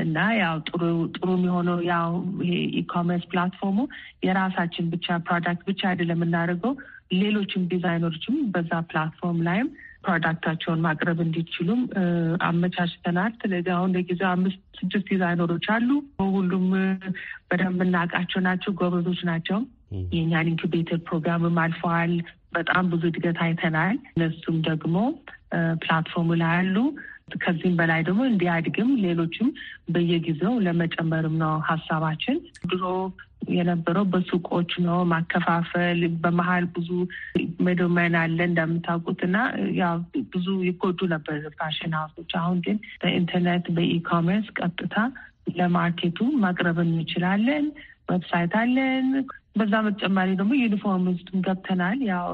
እና ያው ጥሩ ጥሩ የሚሆነው ያው ይሄ ኢኮሜርስ ፕላትፎርሙ የራሳችን ብቻ ፕሮዳክት ብቻ አይደለም የምናደርገው ሌሎችም ዲዛይነሮችም በዛ ፕላትፎርም ላይም ፕሮዳክታቸውን ማቅረብ እንዲችሉም አመቻችተናል። ስለዚህ አሁን ለጊዜው አምስት ስድስት ዲዛይነሮች አሉ። ሁሉም በደንብ እናውቃቸው ናቸው፣ ጎበዞች ናቸው። የእኛን ኢንኩቤተር ፕሮግራምም አልፈዋል። በጣም ብዙ እድገት አይተናል። እነሱም ደግሞ ፕላትፎርሙ ላይ አሉ። ከዚህም በላይ ደግሞ እንዲያድግም ሌሎችም በየጊዜው ለመጨመርም ነው ሀሳባችን። ድሮ የነበረው በሱቆች ነው ማከፋፈል። በመሀል ብዙ መዶመን አለ እንደምታውቁት እና ያው ብዙ ይጎዱ ነበር ፋሽን ሀውሶች። አሁን ግን በኢንተርኔት በኢኮሜርስ ቀጥታ ለማርኬቱ ማቅረብ እንችላለን። ዌብሳይት አለን። በዛ በተጨማሪ ደግሞ ዩኒፎርም ውስጥም ገብተናል። ያው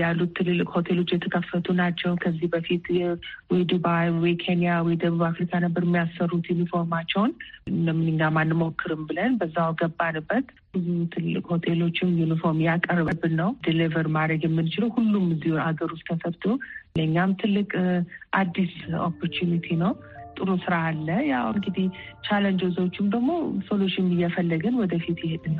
ያሉት ትልልቅ ሆቴሎች የተከፈቱ ናቸው። ከዚህ በፊት ወይ ዱባይ፣ ወይ ኬንያ፣ ወይ ደቡብ አፍሪካ ነበር የሚያሰሩት ዩኒፎርማቸውን። ለምን እኛም አንሞክርም ብለን በዛው ገባንበት። ብዙ ትልልቅ ሆቴሎችም ዩኒፎርም ያቀርብብን ነው ዲሊቨር ማድረግ የምንችለው ሁሉም እዚሁ ሀገር ውስጥ ተሰርቶ ለእኛም ትልቅ አዲስ ኦፖርቹኒቲ ነው። ጥሩ ስራ አለ። ያው እንግዲህ ቻለንጆዎችም ደግሞ ሶሉሽን እየፈለግን ወደፊት ይሄድና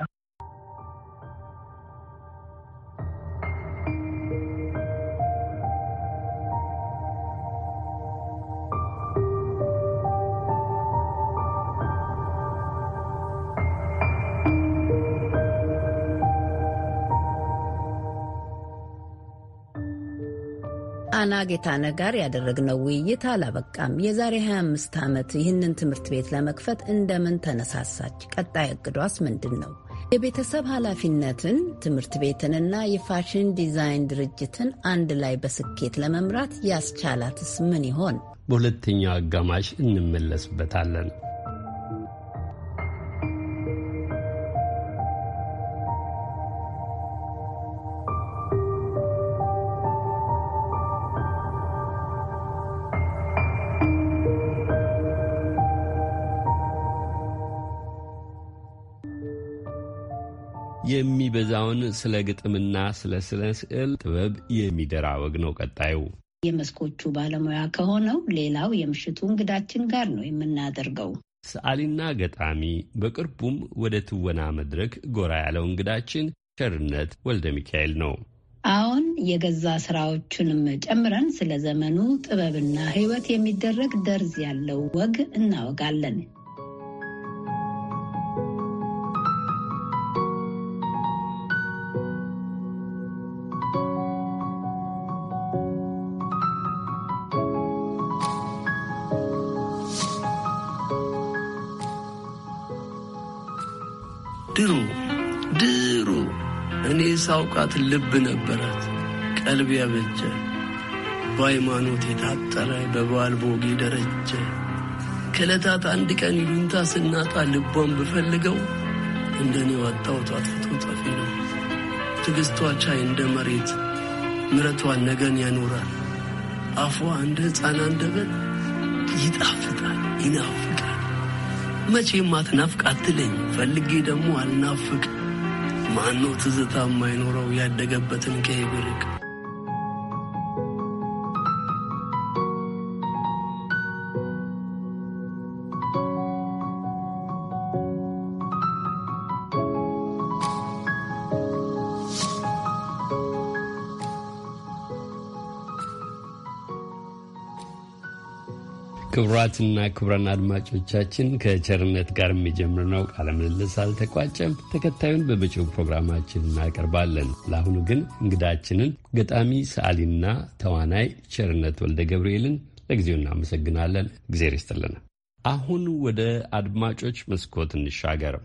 ከአና ጌታነህ ጋር ያደረግነው ውይይት አላበቃም። የዛሬ 25 ዓመት ይህንን ትምህርት ቤት ለመክፈት እንደምን ተነሳሳች? ቀጣይ እቅዷስ ምንድን ነው? የቤተሰብ ኃላፊነትን፣ ትምህርት ቤትንና የፋሽን ዲዛይን ድርጅትን አንድ ላይ በስኬት ለመምራት ያስቻላትስ ምን ይሆን? በሁለተኛው አጋማሽ እንመለስበታለን። የሚበዛውን ስለ ግጥምና ስለ ስለ ስዕል ጥበብ የሚደራ ወግ ነው ቀጣዩ። የመስኮቹ ባለሙያ ከሆነው ሌላው የምሽቱ እንግዳችን ጋር ነው የምናደርገው። ሰዓሊና ገጣሚ በቅርቡም ወደ ትወና መድረክ ጎራ ያለው እንግዳችን ቸርነት ወልደ ሚካኤል ነው። አሁን የገዛ ስራዎቹንም ጨምረን ስለ ዘመኑ ጥበብና ሕይወት የሚደረግ ደርዝ ያለው ወግ እናወጋለን። ሳውቃት ልብ ነበራት፣ ቀልብ ያበጀ በሃይማኖት የታጠረ በበዓል ቦጌ ደረጀ። ከዕለታት አንድ ቀን ይሉንታ ስናጣ ልቧን ብፈልገው እንደ እኔ ዋጣሁት አጥፍቶ ጠፊ ነው። ትዕግሥቷ ቻይ እንደ መሬት ምረቷን ነገን ያኖራል። አፏ እንደ ሕፃን አንደበት ይጣፍጣል ይናፍቃል። መቼም አትናፍቅ አትለኝ ፈልጌ ደግሞ አልናፍቅ ማነው ትዝታ የማይኖረው ያደገበትን ከይብርቅ ክቡራትና ክቡራን አድማጮቻችን ከቸርነት ጋር የሚጀምርነው ቃለ ምልልስ አልተቋጨም። ተከታዩን በመጪው ፕሮግራማችን እናቀርባለን። ለአሁኑ ግን እንግዳችንን ገጣሚ ሰዓሊና ተዋናይ ቸርነት ወልደ ገብርኤልን ለጊዜው እናመሰግናለን። እግዜር ይስጥልን። አሁን ወደ አድማጮች መስኮት እንሻገርም።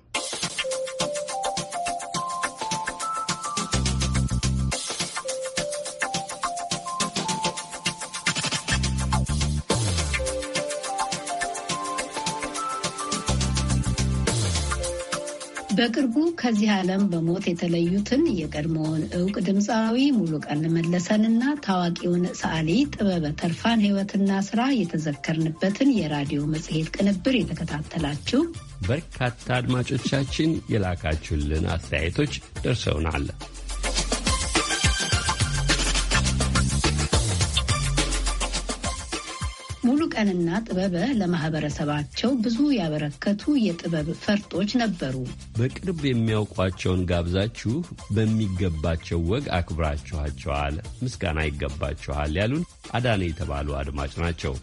በቅርቡ ከዚህ ዓለም በሞት የተለዩትን የቀድሞውን እውቅ ድምፃዊ ሙሉቀን መለሰንና ታዋቂውን ሰዓሊ ጥበበ ተርፋን ሕይወትና ስራ የተዘከርንበትን የራዲዮ መጽሔት ቅንብር የተከታተላችሁ በርካታ አድማጮቻችን የላካችሁልን አስተያየቶች ደርሰውናል። ቀንና ጥበበ ለማህበረሰባቸው ብዙ ያበረከቱ የጥበብ ፈርጦች ነበሩ። በቅርብ የሚያውቋቸውን ጋብዛችሁ በሚገባቸው ወግ አክብራችኋቸዋል፣ ምስጋና ይገባችኋል ያሉን አዳነ የተባሉ አድማጭ ናቸው።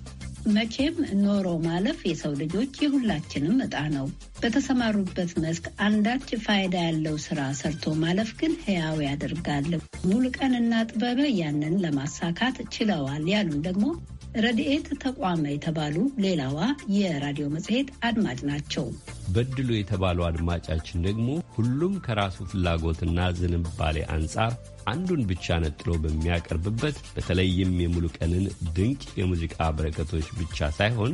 መቼም ኖሮ ማለፍ የሰው ልጆች የሁላችንም እጣ ነው። በተሰማሩበት መስክ አንዳች ፋይዳ ያለው ስራ ሰርቶ ማለፍ ግን ሕያው ያደርጋል። ሙሉቀንና ጥበበ ያንን ለማሳካት ችለዋል ያሉን ደግሞ ረድኤት ተቋመ የተባሉ ሌላዋ የራዲዮ መጽሔት አድማጭ ናቸው። በድሉ የተባሉ አድማጫችን ደግሞ ሁሉም ከራሱ ፍላጎትና ዝንባሌ አንጻር አንዱን ብቻ ነጥሎ በሚያቀርብበት በተለይም የሙሉ ቀንን ድንቅ የሙዚቃ በረከቶች ብቻ ሳይሆን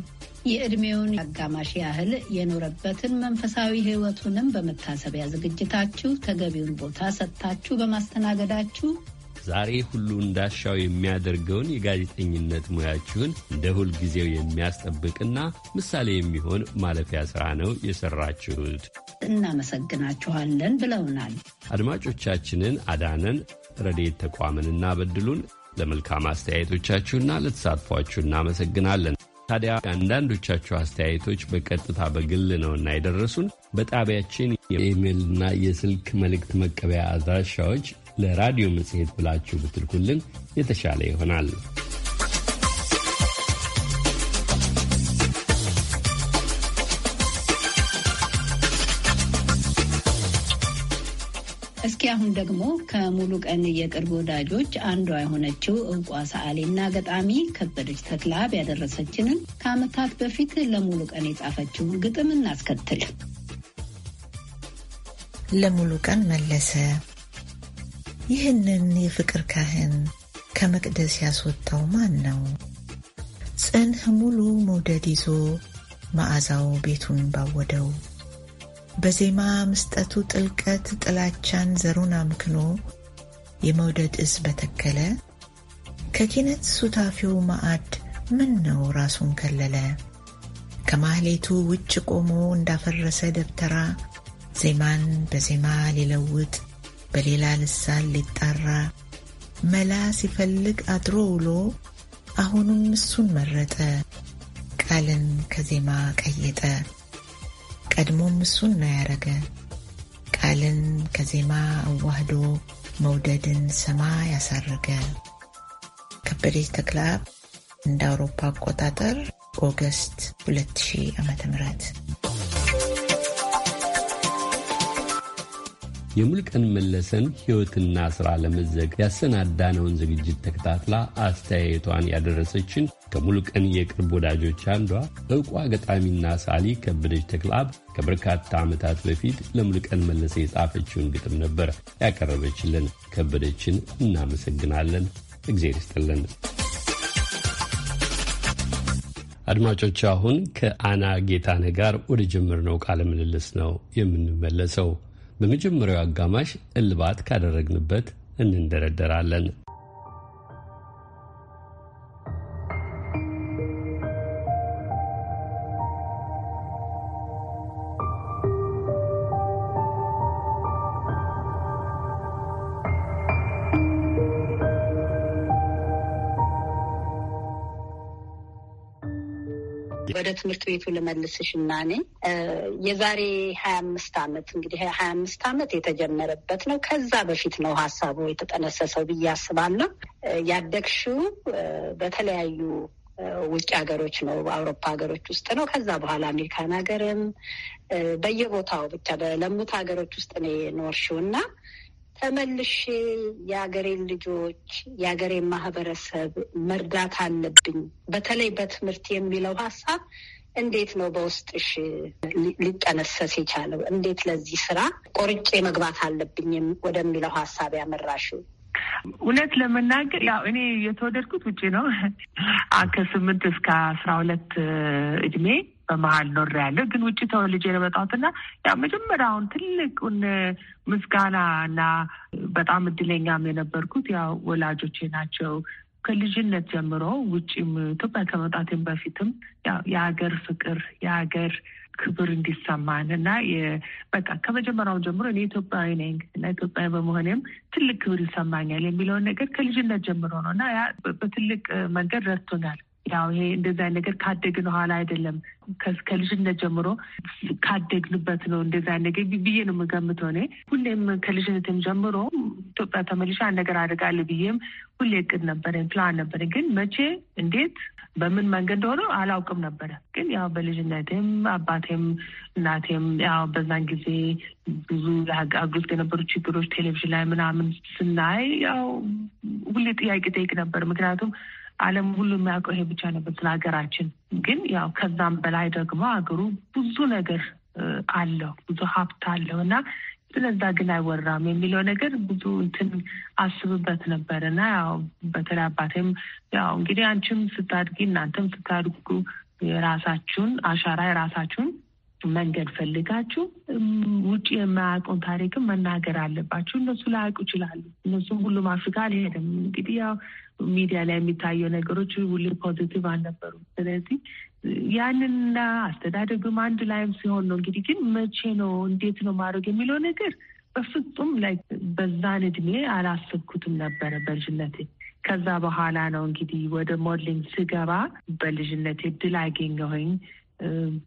የዕድሜውን አጋማሽ ያህል የኖረበትን መንፈሳዊ ሕይወቱንም በመታሰቢያ ዝግጅታችሁ ተገቢውን ቦታ ሰጥታችሁ በማስተናገዳችሁ ዛሬ ሁሉ እንዳሻው የሚያደርገውን የጋዜጠኝነት ሙያችሁን እንደ ሁልጊዜው የሚያስጠብቅና ምሳሌ የሚሆን ማለፊያ ስራ ነው የሰራችሁት። እናመሰግናችኋለን ብለውናል። አድማጮቻችንን አዳነን፣ ረዴት ተቋምንና በድሉን ለመልካም አስተያየቶቻችሁና ለተሳትፏችሁ እናመሰግናለን። ታዲያ አንዳንዶቻችሁ አስተያየቶች በቀጥታ በግል ነውና የደረሱን በጣቢያችን የኢሜይልና የስልክ መልእክት መቀበያ አድራሻዎች ለራዲዮ መጽሔት ብላችሁ ብትልኩልን የተሻለ ይሆናል። እስኪ አሁን ደግሞ ከሙሉ ቀን የቅርብ ወዳጆች አንዷ የሆነችው እውቋ ሰዓሊና ገጣሚ ከበደች ተክላብ ያደረሰችንን ከዓመታት በፊት ለሙሉ ቀን የጻፈችውን ግጥም እናስከትል። ለሙሉ ቀን መለሰ ይህንን የፍቅር ካህን ከመቅደስ ያስወጣው ማን ነው? ጽንህ ሙሉ መውደድ ይዞ መዓዛው ቤቱን ባወደው በዜማ ምስጠቱ ጥልቀት ጥላቻን ዘሩን አምክኖ የመውደድ እስ በተከለ ከኪነት ሱታፊው ማዕድ ምን ነው ራሱን ከለለ ከማህሌቱ ውጭ ቆሞ እንዳፈረሰ ደብተራ ዜማን በዜማ ሊለውጥ በሌላ ልሳን ሊጠራ መላ ሲፈልግ አድሮ ውሎ አሁኑም እሱን መረጠ። ቃልን ከዜማ ቀየጠ። ቀድሞም እሱን ነው ያረገ። ቃልን ከዜማ አዋህዶ መውደድን ሰማ ያሳረገ። ከበደች ተክላ እንደ አውሮፓ አቆጣጠር ኦገስት 2000 ዓ.ም የሙልቀን መለሰን ሕይወትና ሥራ ለመዘግ ያሰናዳነውን ዝግጅት ተከታትላ አስተያየቷን ያደረሰችን ከሙሉቀን የቅርብ ወዳጆች አንዷ ዕውቋ ገጣሚና ሳሊ ከበደች ተክልአብ ከበርካታ ዓመታት በፊት ለሙሉቀን መለሰ የጻፈችውን ግጥም ነበር ያቀረበችልን። ከበደችን እናመሰግናለን። እግዜር ይስጥልን። አድማጮች አሁን ከአና ጌታነ ጋር ወደ ጀመርነው ቃለ ምልልስ ነው የምንመለሰው። በመጀመሪያው አጋማሽ እልባት ካደረግንበት እንንደረደራለን። ቤቱ ልመልስሽ እና እኔ የዛሬ ሀያ አምስት አመት እንግዲህ ሀያ አምስት አመት የተጀመረበት ነው። ከዛ በፊት ነው ሀሳቡ የተጠነሰሰው ብዬ አስባለሁ። ያደግሽው በተለያዩ ውጭ ሀገሮች ነው፣ በአውሮፓ ሀገሮች ውስጥ ነው። ከዛ በኋላ አሜሪካን ሀገርም በየቦታው ብቻ በለሙት ሀገሮች ውስጥ ነው የኖርሽው እና ተመልሼ የሀገሬን ልጆች የሀገሬን ማህበረሰብ መርዳት አለብኝ፣ በተለይ በትምህርት የሚለው ሀሳብ እንዴት ነው በውስጥሽ ሊጠነሰስ የቻለው? እንዴት ለዚህ ስራ ቆርጬ መግባት አለብኝ ወደሚለው ሀሳብ ያመራሽው? እውነት ለመናገር ያው እኔ የተወደድኩት ውጭ ነው። ከስምንት እስከ አስራ ሁለት እድሜ በመሀል ኖር ያለ ግን ውጭ ተወልጄ የመጣሁትና ያው መጀመሪያ አሁን ትልቁን ምስጋና እና በጣም እድለኛም የነበርኩት ያው ወላጆቼ ናቸው። ከልጅነት ጀምሮ ውጭም ኢትዮጵያ ከመምጣቴም በፊትም የሀገር ፍቅር የሀገር ክብር እንዲሰማን እና በቃ ከመጀመሪያው ጀምሮ እኔ ኢትዮጵያዊ ነኝ እና ኢትዮጵያዊ በመሆንም ትልቅ ክብር ይሰማኛል የሚለውን ነገር ከልጅነት ጀምሮ ነው እና በትልቅ መንገድ ረድቶኛል። ያው ይሄ እንደዚህ አይነት ነገር ካደግን ኋላ አይደለም ከልጅነት ጀምሮ ካደግንበት ነው እንደዚህ አይነት ነገር ብዬ ነው የምገምተው። እኔ ሁሌም ከልጅነትም ጀምሮ ኢትዮጵያ ተመልሼ አንድ ነገር አድርጋለሁ ብዬም ሁሌ እቅድ ነበረኝ፣ ፕላን ነበረኝ። ግን መቼ፣ እንዴት፣ በምን መንገድ እንደሆነ አላውቅም ነበረ። ግን ያው በልጅነቴም አባቴም እናቴም ያው በዛን ጊዜ ብዙ አገሪቱ የነበሩ ችግሮች ቴሌቪዥን ላይ ምናምን ስናይ ያው ሁሌ ጥያቄ ጠይቅ ነበር ምክንያቱም ዓለም ሁሉ የሚያውቀው ይሄ ብቻ ነበር ስለ ሀገራችን። ግን ያው ከዛም በላይ ደግሞ ሀገሩ ብዙ ነገር አለው፣ ብዙ ሀብት አለው እና ስለዛ ግን አይወራም የሚለው ነገር ብዙ እንትን አስብበት ነበር እና ያው በተለይ አባቴም ያው እንግዲህ አንቺም ስታድጊ እናንተም ስታድጉ የራሳችሁን አሻራ የራሳችሁን መንገድ ፈልጋችሁ ውጭ የማያውቀውን ታሪክም መናገር አለባችሁ። እነሱ ላያውቁ ይችላሉ። እነሱም ሁሉም አፍሪካ አልሄደም። እንግዲህ ያው ሚዲያ ላይ የሚታየው ነገሮች ሁሉ ፖዚቲቭ አልነበሩም። ስለዚህ ያንንና አስተዳደግም አንድ ላይም ሲሆን ነው እንግዲህ ግን መቼ ነው እንዴት ነው ማድረግ የሚለው ነገር በፍጹም ላይ በዛን እድሜ አላሰብኩትም ነበረ በልጅነቴ። ከዛ በኋላ ነው እንግዲህ ወደ ሞድሊንግ ስገባ በልጅነቴ እድል አገኘሁኝ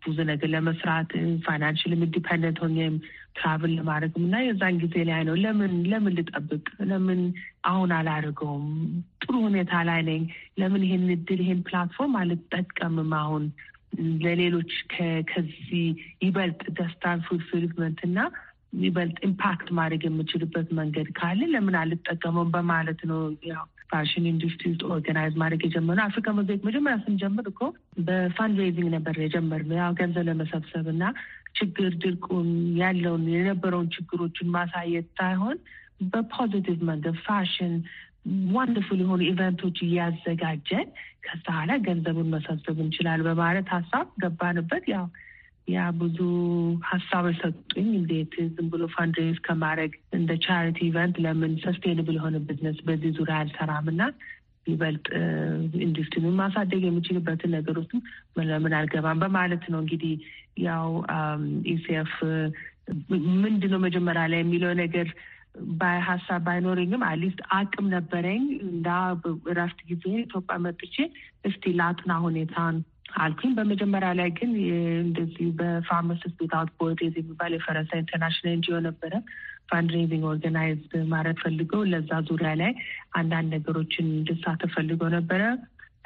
ብዙ ነገር ለመስራት ፋይናንሽል ኢንዲፐንደንት ሆኜም ትራቭል ለማድረግም እና የዛን ጊዜ ላይ ነው ለምን ለምን ልጠብቅ ለምን አሁን አላደርገውም ጥሩ ሁኔታ ላይ ነኝ ለምን ይሄን እድል ይሄን ፕላትፎርም አልጠቀምም አሁን ለሌሎች ከዚህ ይበልጥ ደስታን ፉልፊልመንት እና ይበልጥ ኢምፓክት ማድረግ የምችልበት መንገድ ካለ ለምን አልጠቀመውም በማለት ነው ያው ፋሽን ኢንዱስትሪ ውስጥ ኦርጋናይዝ ማድረግ የጀመርነው። አፍሪካ መድረክ መጀመሪያ ስንጀምር እኮ በፋንድሬዚንግ ነበር የጀመርነው ያው ገንዘብ ለመሰብሰብ እና ችግር ድርቁን ያለውን የነበረውን ችግሮችን ማሳየት ሳይሆን በፖዚቲቭ መንገድ ፋሽን ዋንደርፉል የሆኑ ኢቨንቶች እያዘጋጀን ከዛ በኋላ ገንዘቡን መሰብሰብ እንችላል በማለት ሀሳብ ገባንበት። ያው ያ ብዙ ሀሳብ ሰጡኝ። እንዴት ዝም ብሎ ፋንድሬዝ ከማድረግ እንደ ቻሪቲ ኢቨንት ለምን ሰስቴንብል የሆነ ቢዝነስ በዚህ ዙሪያ አልሰራም እና ይበልጥ ኢንዱስትሪውን ማሳደግ የሚችልበትን ነገሮችም ለምን አልገባም በማለት ነው። እንግዲህ ያው ኢሲኤፍ ምንድን ነው መጀመሪያ ላይ የሚለው ነገር ባይ ሀሳብ ባይኖረኝም አትሊስት አቅም ነበረኝ እንዳ እረፍት ጊዜ ኢትዮጵያ መጥቼ እስቲ ላጥና ሁኔታን አልኩኝ። በመጀመሪያ ላይ ግን እንደዚህ በፋርማሲስት ዊዝአውት ቦርደርስ የሚባል የፈረንሳይ ኢንተርናሽናል ኤንጂኦ ነበረ። ፋንድሬዚንግ ኦርጋናይዝ ማድረግ ፈልገው ለዛ ዙሪያ ላይ አንዳንድ ነገሮችን እንድሳተፍ ፈልገው ነበረ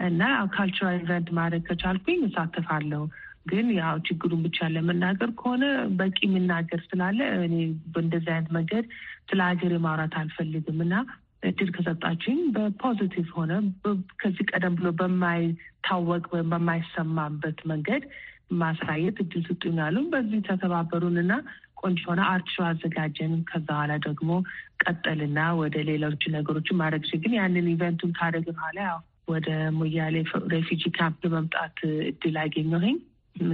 እና ካልቸራል ኢቨንት ማድረግ ከቻልኩኝ እሳተፋለሁ። ግን ያው ችግሩን ብቻ ለመናገር ከሆነ በቂ የምናገር ስላለ እኔ በእንደዚህ አይነት መንገድ ስለ ሀገር ማውራት አልፈልግም እና እድል ከሰጣችኝ በፖዚቲቭ ሆነ ከዚህ ቀደም ብሎ በማይታወቅ ወይም በማይሰማበት መንገድ ማስራየት እድል ስጡኛሉ። በዚህ ተተባበሩን እና ቆንጆ የሆነ አርት ሾው አዘጋጀን። ከዛ በኋላ ደግሞ ቀጠልና ወደ ሌሎች ነገሮችን ማድረግ ሲ ግን ያንን ኢቨንቱን ካደረግ በኋላ ያው ወደ ሞያሌ ሬፊጂ ካምፕ መምጣት እድል አገኘሁኝ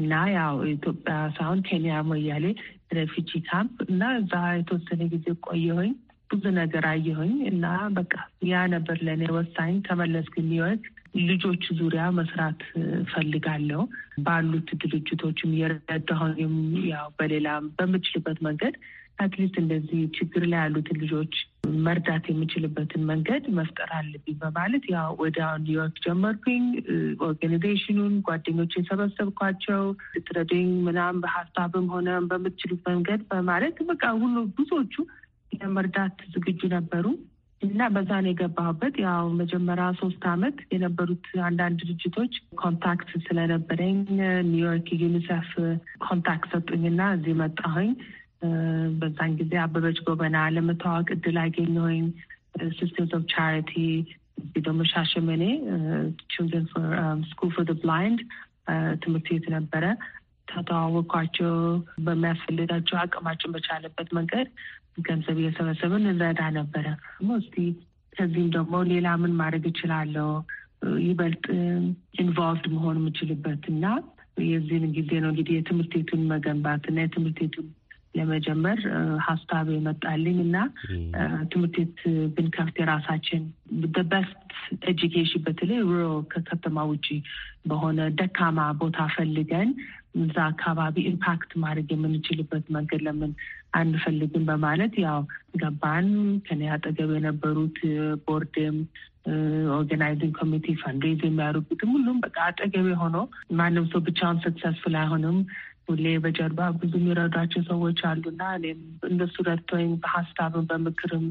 እና ያው ኢትዮጵያ ሳይሆን ኬንያ ሞያሌ ሬፊጂ ካምፕ እና እዛ የተወሰነ ጊዜ ቆየሁኝ። ብዙ ነገር አየሁኝ እና በቃ ያ ነበር ለእኔ ወሳኝ። ተመለስኩ ኒውዮርክ። ልጆች ዙሪያ መስራት ፈልጋለሁ። ባሉት ድርጅቶችም የረዳሁንም ያው በሌላም በምችልበት መንገድ አትሊስት እንደዚህ ችግር ላይ ያሉትን ልጆች መርዳት የምችልበትን መንገድ መፍጠር አለብኝ በማለት ያው ወደ ኒውዮርክ ጀመርኩኝ። ኦርጋኒዜሽኑን ጓደኞች የሰበሰብኳቸው ስትረዱኝ ምናምን በሀሳብም ሆነ በምችሉት መንገድ በማለት በቃ ሁሉ ብዙዎቹ ለመርዳት ዝግጁ ነበሩ። እና በዛ ነው የገባሁበት። ያው መጀመሪያ ሶስት አመት የነበሩት አንዳንድ ድርጅቶች ኮንታክት ስለነበረኝ ኒውዮርክ ዩኒሴፍ ኮንታክት ሰጡኝና እዚህ መጣሁኝ። በዛን ጊዜ አበበች ጎበና ለመተዋወቅ እድል አገኘሁኝ። ሲስተምስ ኦፍ ቻሪቲ እዚህ ደግሞ ሻሸመኔ ችልድረን ስኩል ፎር ብላይንድ ትምህርት ቤት ነበረ። ተተዋወቅኳቸው በሚያስፈልጋቸው አቅማችን በቻለበት መንገድ ገንዘብ እየሰበሰብን እንረዳ ነበረ። እስቲ ከዚህም ደግሞ ሌላ ምን ማድረግ እችላለሁ ይበልጥ ኢንቮልቭድ መሆን የምችልበት እና የዚህን ጊዜ ነው እንግዲህ የትምህርት ቤቱን መገንባት እና የትምህርት ቤቱን ለመጀመር ሀሳብ የመጣልኝ እና ትምህርት ቤት ብንከፍት የራሳችን በበስት ኤጁኬሽን በተለይ ሮ ከከተማ ውጪ በሆነ ደካማ ቦታ ፈልገን እዛ አካባቢ ኢምፓክት ማድረግ የምንችልበት መንገድ ለምን አንፈልግም በማለት ያው ገባን። ከኔ አጠገብ የነበሩት ቦርድም ኦርጋናይዚንግ ኮሚቴ ፈንድሬዝ የሚያደርጉትም ሁሉም በቃ አጠገብ ሆኖ ማንም ሰው ብቻውን ሰክሰስፉል አይሆንም። ሁሌ በጀርባ ብዙ የሚረዷቸው ሰዎች አሉና እኔም እነሱ ረድቶኝ በሀሳብም፣ በምክርም፣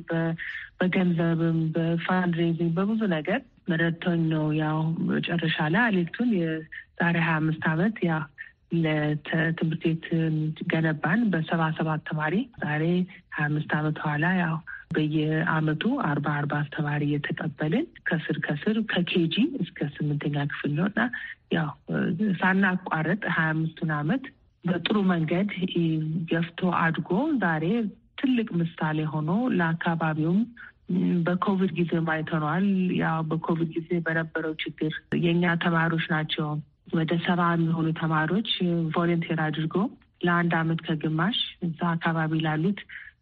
በገንዘብም፣ በፋንድሬዚንግ በብዙ ነገር ረድቶኝ ነው ያው መጨረሻ ላይ አሌክቱን የዛሬ ሀያ አምስት አመት ያ ለትምህርት ቤት ገነባን በሰባ ሰባት ተማሪ ዛሬ ሀያ አምስት አመት በኋላ ያው በየአመቱ አርባ አርባ አስተማሪ እየተቀበልን ከስር ከስር ከኬጂ እስከ ስምንተኛ ክፍል ነው እና ያው ሳናቋረጥ ሀያ አምስቱን አመት በጥሩ መንገድ ገፍቶ አድጎ ዛሬ ትልቅ ምሳሌ ሆኖ ለአካባቢውም በኮቪድ ጊዜ ማይተነዋል። ያው በኮቪድ ጊዜ በነበረው ችግር የእኛ ተማሪዎች ናቸው ወደ ሰባ የሚሆኑ ተማሪዎች ቮለንቴር አድርጎ ለአንድ አመት ከግማሽ እዛ አካባቢ ላሉት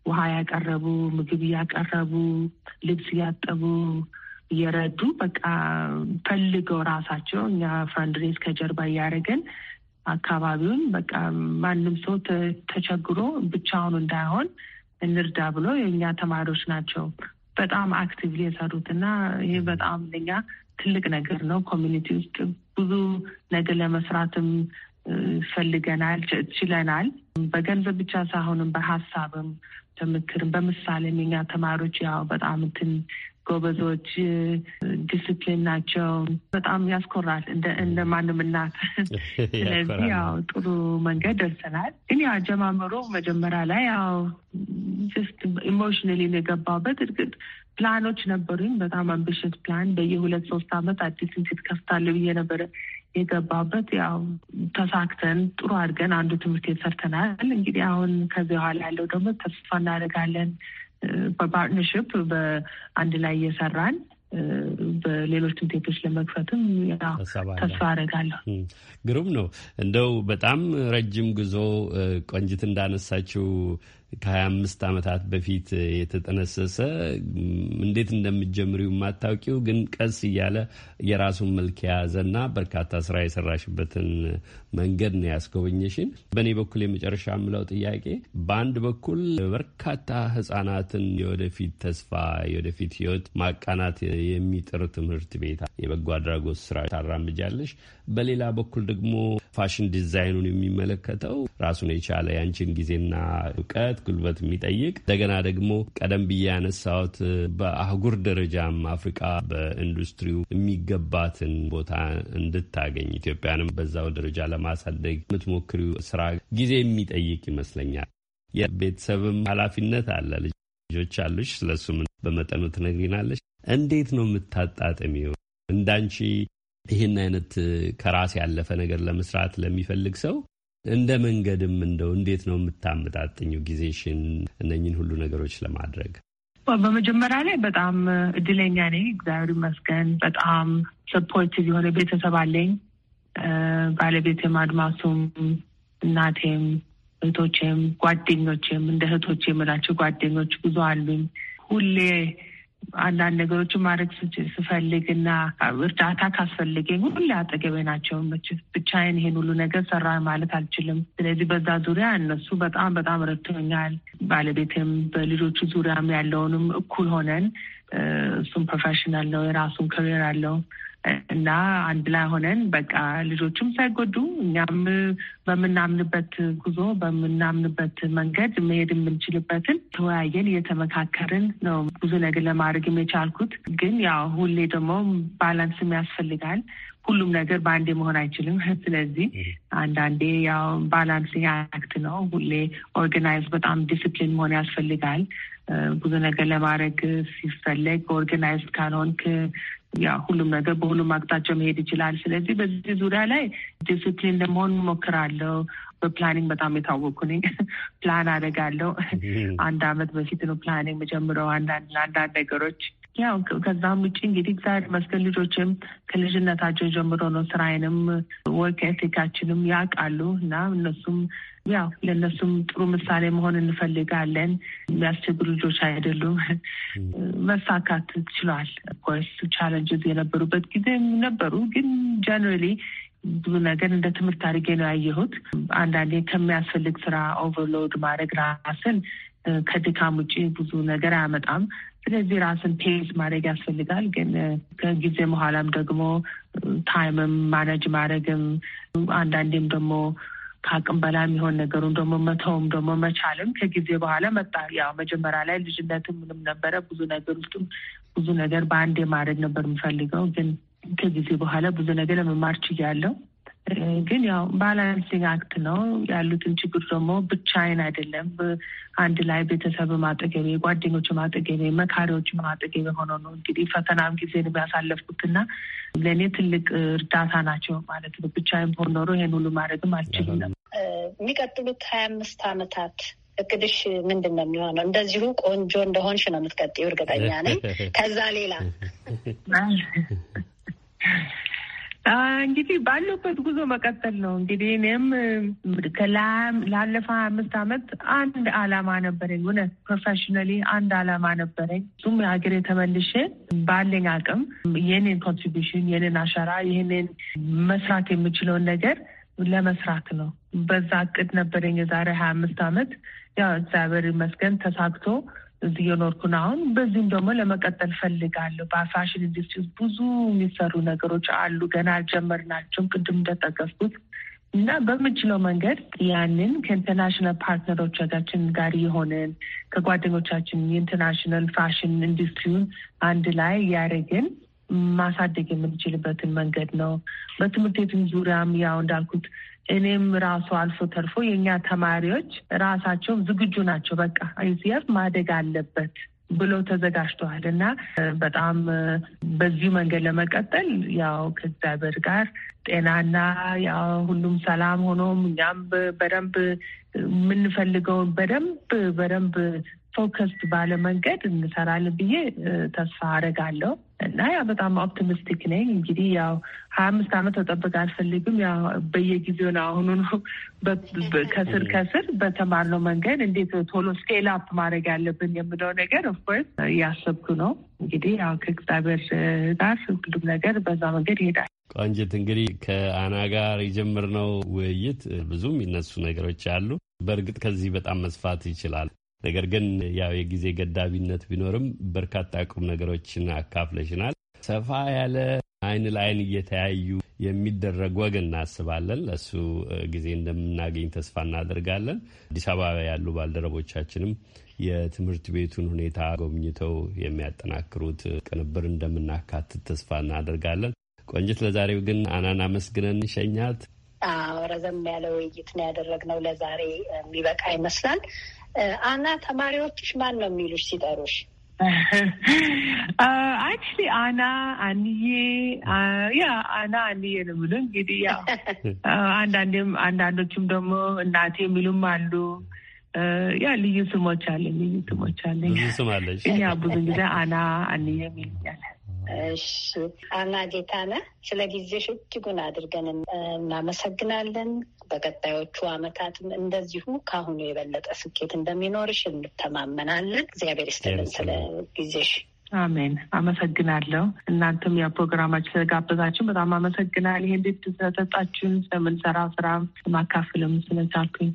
ውሃ ያቀረቡ፣ ምግብ እያቀረቡ፣ ልብስ እያጠቡ እየረዱ በቃ ፈልገው ራሳቸው እኛ ፈንድሬዝ ከጀርባ እያደረገን አካባቢውን በቃ ማንም ሰው ተቸግሮ ብቻውን እንዳይሆን እንርዳ ብሎ የእኛ ተማሪዎች ናቸው በጣም አክቲቭሊ የሰሩት እና ይህ በጣም ለኛ ትልቅ ነገር ነው። ኮሚኒቲ ውስጥ ብዙ ነገር ለመስራትም ፈልገናል፣ ችለናል። በገንዘብ ብቻ ሳይሆንም በሀሳብም በምክርም በምሳሌም የኛ ተማሪዎች ያው በጣም እንትን ጎበዞች ዲስፕሊን ናቸው። በጣም ያስኮራል እንደ ማንም እናት። ስለዚህ ያው ጥሩ መንገድ ደርሰናል። ግን ያው አጀማመሮ መጀመሪያ ላይ ያው ጀስት ኢሞሽናሊ የገባበት እርግጥ ፕላኖች ነበሩኝ። በጣም አምቢሽስ ፕላን በየሁለት ሶስት አመት አዲስ ኢንስቲትዩት ከፍታለሁ ብዬ ነበረ የገባበት ያው ተሳክተን ጥሩ አድርገን አንዱ ትምህርት ቤት ሰርተናል። እንግዲህ አሁን ከዚህ በኋላ ያለው ደግሞ ተስፋ እናደርጋለን በፓርትነርሽፕ በአንድ ላይ እየሰራን በሌሎች ትምህርት ቤቶች ለመክፈትም ተስፋ አደርጋለሁ። ግሩም ነው። እንደው በጣም ረጅም ጉዞ ቆንጅት እንዳነሳችው ከ25 ዓመታት በፊት የተጠነሰሰ እንዴት እንደምትጀምሪው የማታውቂው ግን ቀስ እያለ የራሱን መልክ የያዘና በርካታ ስራ የሰራሽበትን መንገድ ነው ያስጎበኘሽን። በእኔ በኩል የመጨረሻ የምለው ጥያቄ በአንድ በኩል በርካታ ህጻናትን የወደፊት ተስፋ የወደፊት ህይወት ማቃናት የሚጥር ትምህርት ቤት የበጎ አድራጎት ስራ ታራምጃለሽ። በሌላ በኩል ደግሞ ፋሽን ዲዛይኑን የሚመለከተው ራሱን የቻለ የአንቺን ጊዜና እውቀት ጉልበት የሚጠይቅ እንደገና ደግሞ ቀደም ብዬ ያነሳሁት በአህጉር ደረጃም አፍሪቃ በኢንዱስትሪው የሚገባትን ቦታ እንድታገኝ ኢትዮጵያንም በዛው ደረጃ ለማሳደግ የምትሞክሪው ስራ ጊዜ የሚጠይቅ ይመስለኛል። የቤተሰብም ኃላፊነት አለ። ልጆች አሉሽ፣ ስለሱም በመጠኑ ትነግሪናለሽ። እንዴት ነው የምታጣጥሚው? እንዳንቺ ይህን አይነት ከራስ ያለፈ ነገር ለመስራት ለሚፈልግ ሰው እንደ መንገድም እንደው እንዴት ነው የምታመጣጥኙ ጊዜሽን እነኝን ሁሉ ነገሮች ለማድረግ? በመጀመሪያ ላይ በጣም እድለኛ ነኝ፣ እግዚአብሔር ይመስገን። በጣም ሰፖርቲቭ የሆነ ቤተሰብ አለኝ። ባለቤቴም፣ አድማሱም፣ እናቴም፣ እህቶቼም፣ ጓደኞቼም እንደ እህቶቼ የምላቸው ጓደኞች ብዙ አሉኝ። ሁሌ አንዳንድ ነገሮችን ማድረግ ስፈልግ እና እርዳታ ካስፈልገኝ ሁሉ አጠገቤ ናቸው። ብቻዬን ይሄን ሁሉ ነገር ሰራ ማለት አልችልም። ስለዚህ በዛ ዙሪያ እነሱ በጣም በጣም ረድቶኛል። ባለቤትም በልጆቹ ዙሪያም ያለውንም እኩል ሆነን እሱም ፕሮፌሽናል ነው፣ የራሱን ክሬር አለው እና አንድ ላይ ሆነን በቃ ልጆችም ሳይጎዱ እኛም በምናምንበት ጉዞ በምናምንበት መንገድ መሄድ የምንችልበትን ተወያየን፣ እየተመካከርን ነው ብዙ ነገር ለማድረግ የቻልኩት። ግን ያው ሁሌ ደግሞ ባላንስም ያስፈልጋል። ሁሉም ነገር በአንዴ መሆን አይችልም። ስለዚህ አንዳንዴ ያው ባላንሲንግ አክት ነው። ሁሌ ኦርጋናይዝ በጣም ዲስፕሊን መሆን ያስፈልጋል። ብዙ ነገር ለማድረግ ሲፈለግ ኦርጋናይዝ ካልሆንክ ያ ሁሉም ነገር በሁሉም አቅጣጫ መሄድ ይችላል። ስለዚህ በዚህ ዙሪያ ላይ ዲስፕሊን ለመሆን ሞክራለሁ። በፕላኒንግ በጣም የታወቅኩ ነኝ። ፕላን አደርጋለሁ። አንድ አመት በፊት ነው ፕላኒንግ መጀምረው አንዳንድ ለአንዳንድ ነገሮች ያው ከዛም ውጭ እንግዲህ እግዚአብሔር ይመስገን ልጆችም ከልጅነታቸው ጀምሮ ነው ስራዬንም ወርክ ኤቲካችንም ያውቃሉ እና እነሱም ያው ለእነሱም ጥሩ ምሳሌ መሆን እንፈልጋለን። የሚያስቸግሩ ልጆች አይደሉም። መሳካት ችሏል። ኮርስ ቻለንጅዝ የነበሩበት ጊዜ ነበሩ፣ ግን ጀነራሊ ብዙ ነገር እንደ ትምህርት አድርጌ ነው ያየሁት። አንዳንዴ ከሚያስፈልግ ስራ ኦቨርሎድ ማድረግ ራስን ከድካም ውጭ ብዙ ነገር አያመጣም። ስለዚህ ራስን ፔዝ ማድረግ ያስፈልጋል። ግን ከጊዜ በኋላም ደግሞ ታይምም ማነጅ ማድረግም አንዳንዴም ደግሞ ከአቅም በላይ የሚሆን ነገሩን ደግሞ መተውም ደግሞ መቻልም ከጊዜ በኋላ መጣ። ያው መጀመሪያ ላይ ልጅነትም ምንም ነበረ ብዙ ነገር ውስጥም ብዙ ነገር በአንዴ ማድረግ ነበር የምፈልገው። ግን ከጊዜ በኋላ ብዙ ነገር ለመማር ችያለሁ። ግን ያው ባላንሲንግ አክት ነው ያሉትን ችግር ደግሞ ብቻዬን አይደለም አንድ ላይ ቤተሰብ ማጠገቤ፣ ጓደኞች ማጠገቤ፣ መካሪዎች ማጠገቤ ሆኖ ነው እንግዲህ ፈተናም ጊዜን ያሳለፍኩትና ለእኔ ትልቅ እርዳታ ናቸው ማለት ነው። ብቻዬን ሆን ኖሮ ይሄን ሁሉ ማድረግም አልችልም። የሚቀጥሉት ሀያ አምስት አመታት እቅድሽ ምንድን ነው የሚሆነው? እንደዚሁ ቆንጆ እንደሆንሽ ነው የምትቀጥይው እርግጠኛ ነኝ። ከዛ ሌላ እንግዲህ ባለበት ጉዞ መቀጠል ነው። እንግዲህ እኔም ላለፈ አምስት አመት አንድ አላማ ነበረኝ። እውነት ፕሮፌሽናሊ አንድ አላማ ነበረኝ። እሱም ሀገሬ ተመልሼ ባለኝ አቅም የኔን ኮንትሪቢሽን፣ የኔን አሻራ፣ ይህንን መስራት የምችለውን ነገር ለመስራት ነው። በዛ እቅድ ነበረኝ የዛሬ ሀያ አምስት አመት ያው እግዚአብሔር ይመስገን ተሳክቶ እዚህ የኖርኩ አሁን በዚህም ደግሞ ለመቀጠል ፈልጋለሁ። በፋሽን ኢንዱስትሪ ውስጥ ብዙ የሚሰሩ ነገሮች አሉ፣ ገና አልጀመርናቸውም ቅድም እንደጠቀስኩት እና በምችለው መንገድ ያንን ከኢንተርናሽናል ፓርትነሮቻችን ጋር የሆንን ከጓደኞቻችን የኢንተርናሽናል ፋሽን ኢንዱስትሪውን አንድ ላይ ያደረግን ማሳደግ የምንችልበትን መንገድ ነው። በትምህርት ቤትም ዙሪያም ያው እንዳልኩት እኔም ራሱ አልፎ ተርፎ የእኛ ተማሪዎች ራሳቸው ዝግጁ ናቸው። በቃ አይሲኤፍ ማደግ አለበት ብሎ ተዘጋጅተዋል እና በጣም በዚሁ መንገድ ለመቀጠል ያው ከእግዚአብሔር ጋር ጤናና ያው ሁሉም ሰላም ሆኖም እኛም በደንብ የምንፈልገውን በደንብ በደንብ ፎከስድ ባለ መንገድ እንሰራለን ብዬ ተስፋ አደርጋለሁ እና ያ በጣም ኦፕቲሚስቲክ ነኝ። እንግዲህ ያው ሀያ አምስት ዓመት ተጠብቅ አልፈልግም። ያው በየጊዜው ነው አሁኑ ነው ከስር ከስር በተማርነው መንገድ እንዴት ቶሎ ስኬል አፕ ማድረግ ያለብን የምለው ነገር ኦፍኮርስ እያሰብኩ ነው። እንግዲህ ያው ከእግዚአብሔር ጋር ሁሉም ነገር በዛ መንገድ ይሄዳል። ቆንጅት እንግዲህ ከአና ጋር የጀመርነው ውይይት ብዙ የሚነሱ ነገሮች አሉ። በእርግጥ ከዚህ በጣም መስፋት ይችላል። ነገር ግን ያው የጊዜ ገዳቢነት ቢኖርም በርካታ ቁም ነገሮችን አካፍለሽናል። ሰፋ ያለ አይን ለአይን እየተያዩ የሚደረግ ወግ እናስባለን። ለእሱ ጊዜ እንደምናገኝ ተስፋ እናደርጋለን። አዲስ አበባ ያሉ ባልደረቦቻችንም የትምህርት ቤቱን ሁኔታ ጎብኝተው የሚያጠናክሩት ቅንብር እንደምናካትት ተስፋ እናደርጋለን። ቆንጅት፣ ለዛሬው ግን አናን አመስግነን ሸኛት። ረዘም ያለ ውይይት ነው ያደረግነው። ለዛሬ የሚበቃ ይመስላል። አና uh, ተማሪዎች ማን ነው የሚሉሽ ሲጠሩሽ? አክቹሊ አና አንዬ፣ ያ አና አንዬ ነው ብሎ እንግዲህ ያው uh, አንዳንዴም አንዳንዶችም ደግሞ እናቴ የሚሉም አሉ። ያ uh, ልዩ ስሞች አለ፣ ልዩ ስሞች አለ። ልዩ ስም አለሽ? ያ ብዙ ጊዜ አና አንዬ የሚሉኛል። እሺ አና ጌታነ ስለ ጊዜሽ እጅጉን አድርገን እናመሰግናለን። በቀጣዮቹ አመታትም እንደዚሁ ከአሁኑ የበለጠ ስኬት እንደሚኖርሽ እንተማመናለን። እግዚአብሔር ይስጥልን ስለ ጊዜሽ። አሜን። አመሰግናለሁ። እናንተም ያ ፕሮግራማችሁ ስለጋበዛችሁን በጣም አመሰግናል። ይሄ ቤት ስለሰጣችሁን፣ ስለምንሰራ ስራ ማካፍልም ስለቻልኩኝ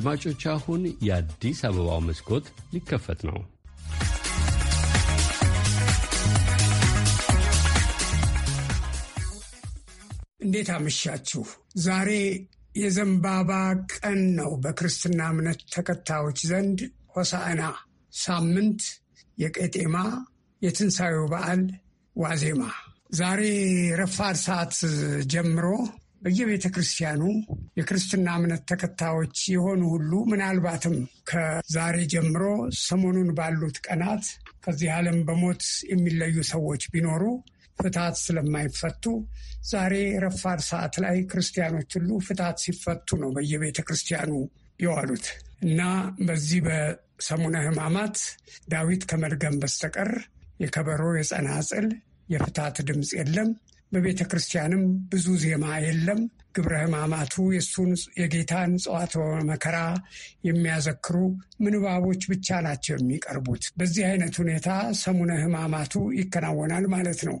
አድማጮች፣ አሁን የአዲስ አበባው መስኮት ሊከፈት ነው። እንዴት አመሻችሁ። ዛሬ የዘንባባ ቀን ነው በክርስትና እምነት ተከታዮች ዘንድ ሆሳዕና ሳምንት፣ የቄጤማ፣ የትንሣኤው በዓል ዋዜማ ዛሬ ረፋድ ሰዓት ጀምሮ በየቤተ ክርስቲያኑ የክርስትና እምነት ተከታዮች የሆኑ ሁሉ ምናልባትም ከዛሬ ጀምሮ ሰሞኑን ባሉት ቀናት ከዚህ ዓለም በሞት የሚለዩ ሰዎች ቢኖሩ ፍታት ስለማይፈቱ ዛሬ ረፋድ ሰዓት ላይ ክርስቲያኖች ሁሉ ፍታት ሲፈቱ ነው በየቤተ ክርስቲያኑ የዋሉት እና በዚህ በሰሙነ ሕማማት ዳዊት ከመድገም በስተቀር የከበሮ፣ የጸናጽል፣ የፍታት ድምፅ የለም። በቤተ ክርስቲያንም ብዙ ዜማ የለም። ግብረ ሕማማቱ የእሱን የጌታን ጽዋተ መከራ የሚያዘክሩ ምንባቦች ብቻ ናቸው የሚቀርቡት። በዚህ አይነት ሁኔታ ሰሙነ ሕማማቱ ይከናወናል ማለት ነው።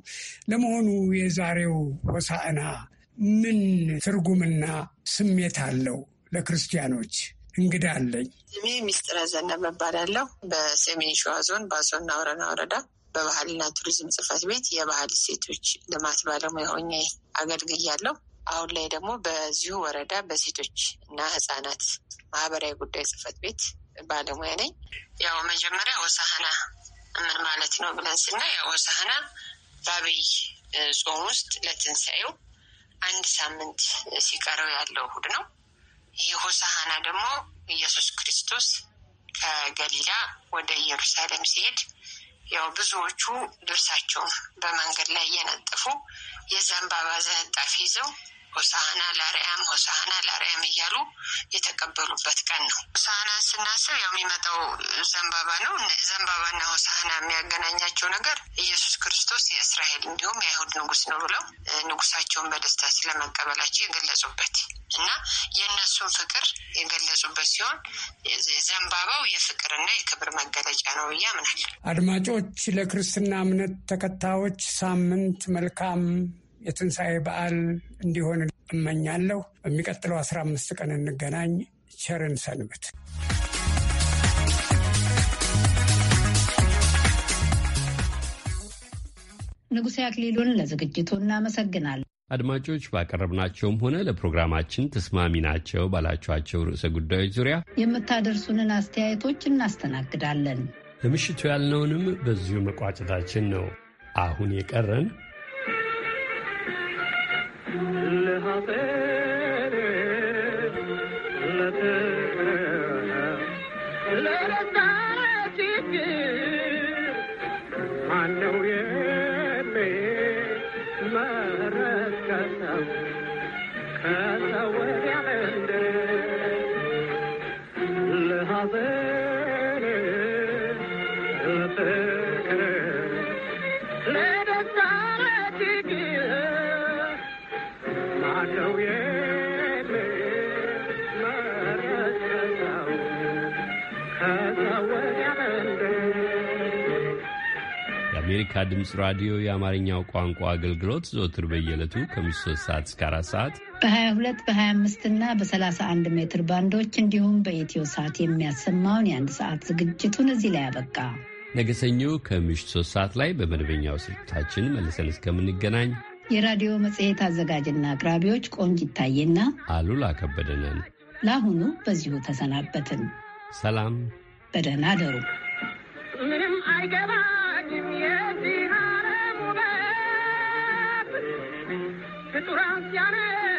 ለመሆኑ የዛሬው ሆሳዕና ምን ትርጉምና ስሜት አለው ለክርስቲያኖች? እንግዳ አለኝ። ስሜ ሚስጥረ ዘነበ እባላለሁ። በሰሜን ሸዋ ዞን በአሶና ወረና ወረዳ በባህልና ቱሪዝም ጽህፈት ቤት የባህል ሴቶች ልማት ባለሙያ ሆኜ አገልግያለሁ። አሁን ላይ ደግሞ በዚሁ ወረዳ በሴቶች እና ህጻናት ማህበራዊ ጉዳይ ጽህፈት ቤት ባለሙያ ነኝ። ያው መጀመሪያ ወሳህና ምን ማለት ነው ብለን ስና ያው ሆሳህና በአብይ ጾም ውስጥ ለትንሳኤው አንድ ሳምንት ሲቀረው ያለው እሁድ ነው። ይህ ሆሳሃና ደግሞ ኢየሱስ ክርስቶስ ከገሊላ ወደ ኢየሩሳሌም ሲሄድ ያው ብዙዎቹ ልብሳቸውን በመንገድ ላይ እየነጠፉ የዘንባባ ዝንጣፊ ይዘው ሆሳና ለአርያም ሆሳና ለአርያም እያሉ የተቀበሉበት ቀን ነው። ሆሳናን ስናስብ ያው የሚመጣው ዘንባባ ነው። ዘንባባና ሆሳና የሚያገናኛቸው ነገር ኢየሱስ ክርስቶስ የእስራኤል እንዲሁም የአይሁድ ንጉስ ነው ብለው ንጉሳቸውን በደስታ ስለመቀበላቸው የገለጹበት እና የእነሱን ፍቅር የገለጹበት ሲሆን ዘንባባው የፍቅርና የክብር መገለጫ ነው ብዬ አምናለሁ። አድማጮች ለክርስትና እምነት ተከታዮች ሳምንት መልካም የትንሣኤ በዓል እንዲሆን እመኛለሁ። በሚቀጥለው አስራ አምስት ቀን እንገናኝ። ቸርን ሰንበት። ንጉሴ አክሊሉን ለዝግጅቱ እናመሰግናለን። አድማጮች ባቀረብናቸውም ሆነ ለፕሮግራማችን ተስማሚ ናቸው ባላችኋቸው ርዕሰ ጉዳዮች ዙሪያ የምታደርሱንን አስተያየቶች እናስተናግዳለን። ለምሽቱ ያልነውንም በዚሁ መቋጨታችን ነው። አሁን የቀረን There. የአሜሪካ ድምፅ ራዲዮ የአማርኛው ቋንቋ አገልግሎት ዘወትር በየዕለቱ ከምሽቱ 3 ሰዓት እስከ 4 ሰዓት በ22 በ25 እና በ31 ሜትር ባንዶች እንዲሁም በኢትዮ ሰዓት የሚያሰማውን የአንድ ሰዓት ዝግጅቱን እዚህ ላይ አበቃ። ነገ ሰኞ ከምሽቱ 3 ሰዓት ላይ በመደበኛው ስርጭታችን መልሰን እስከምንገናኝ የራዲዮ መጽሔት አዘጋጅና አቅራቢዎች ቆንጅ ይታየና አሉላ ከበደ ነን። ለአሁኑ በዚሁ ተሰናበትን። ሰላም፣ በደህና አደሩ። ምንም አይገባ ciemię ci harem ubeb, która zjane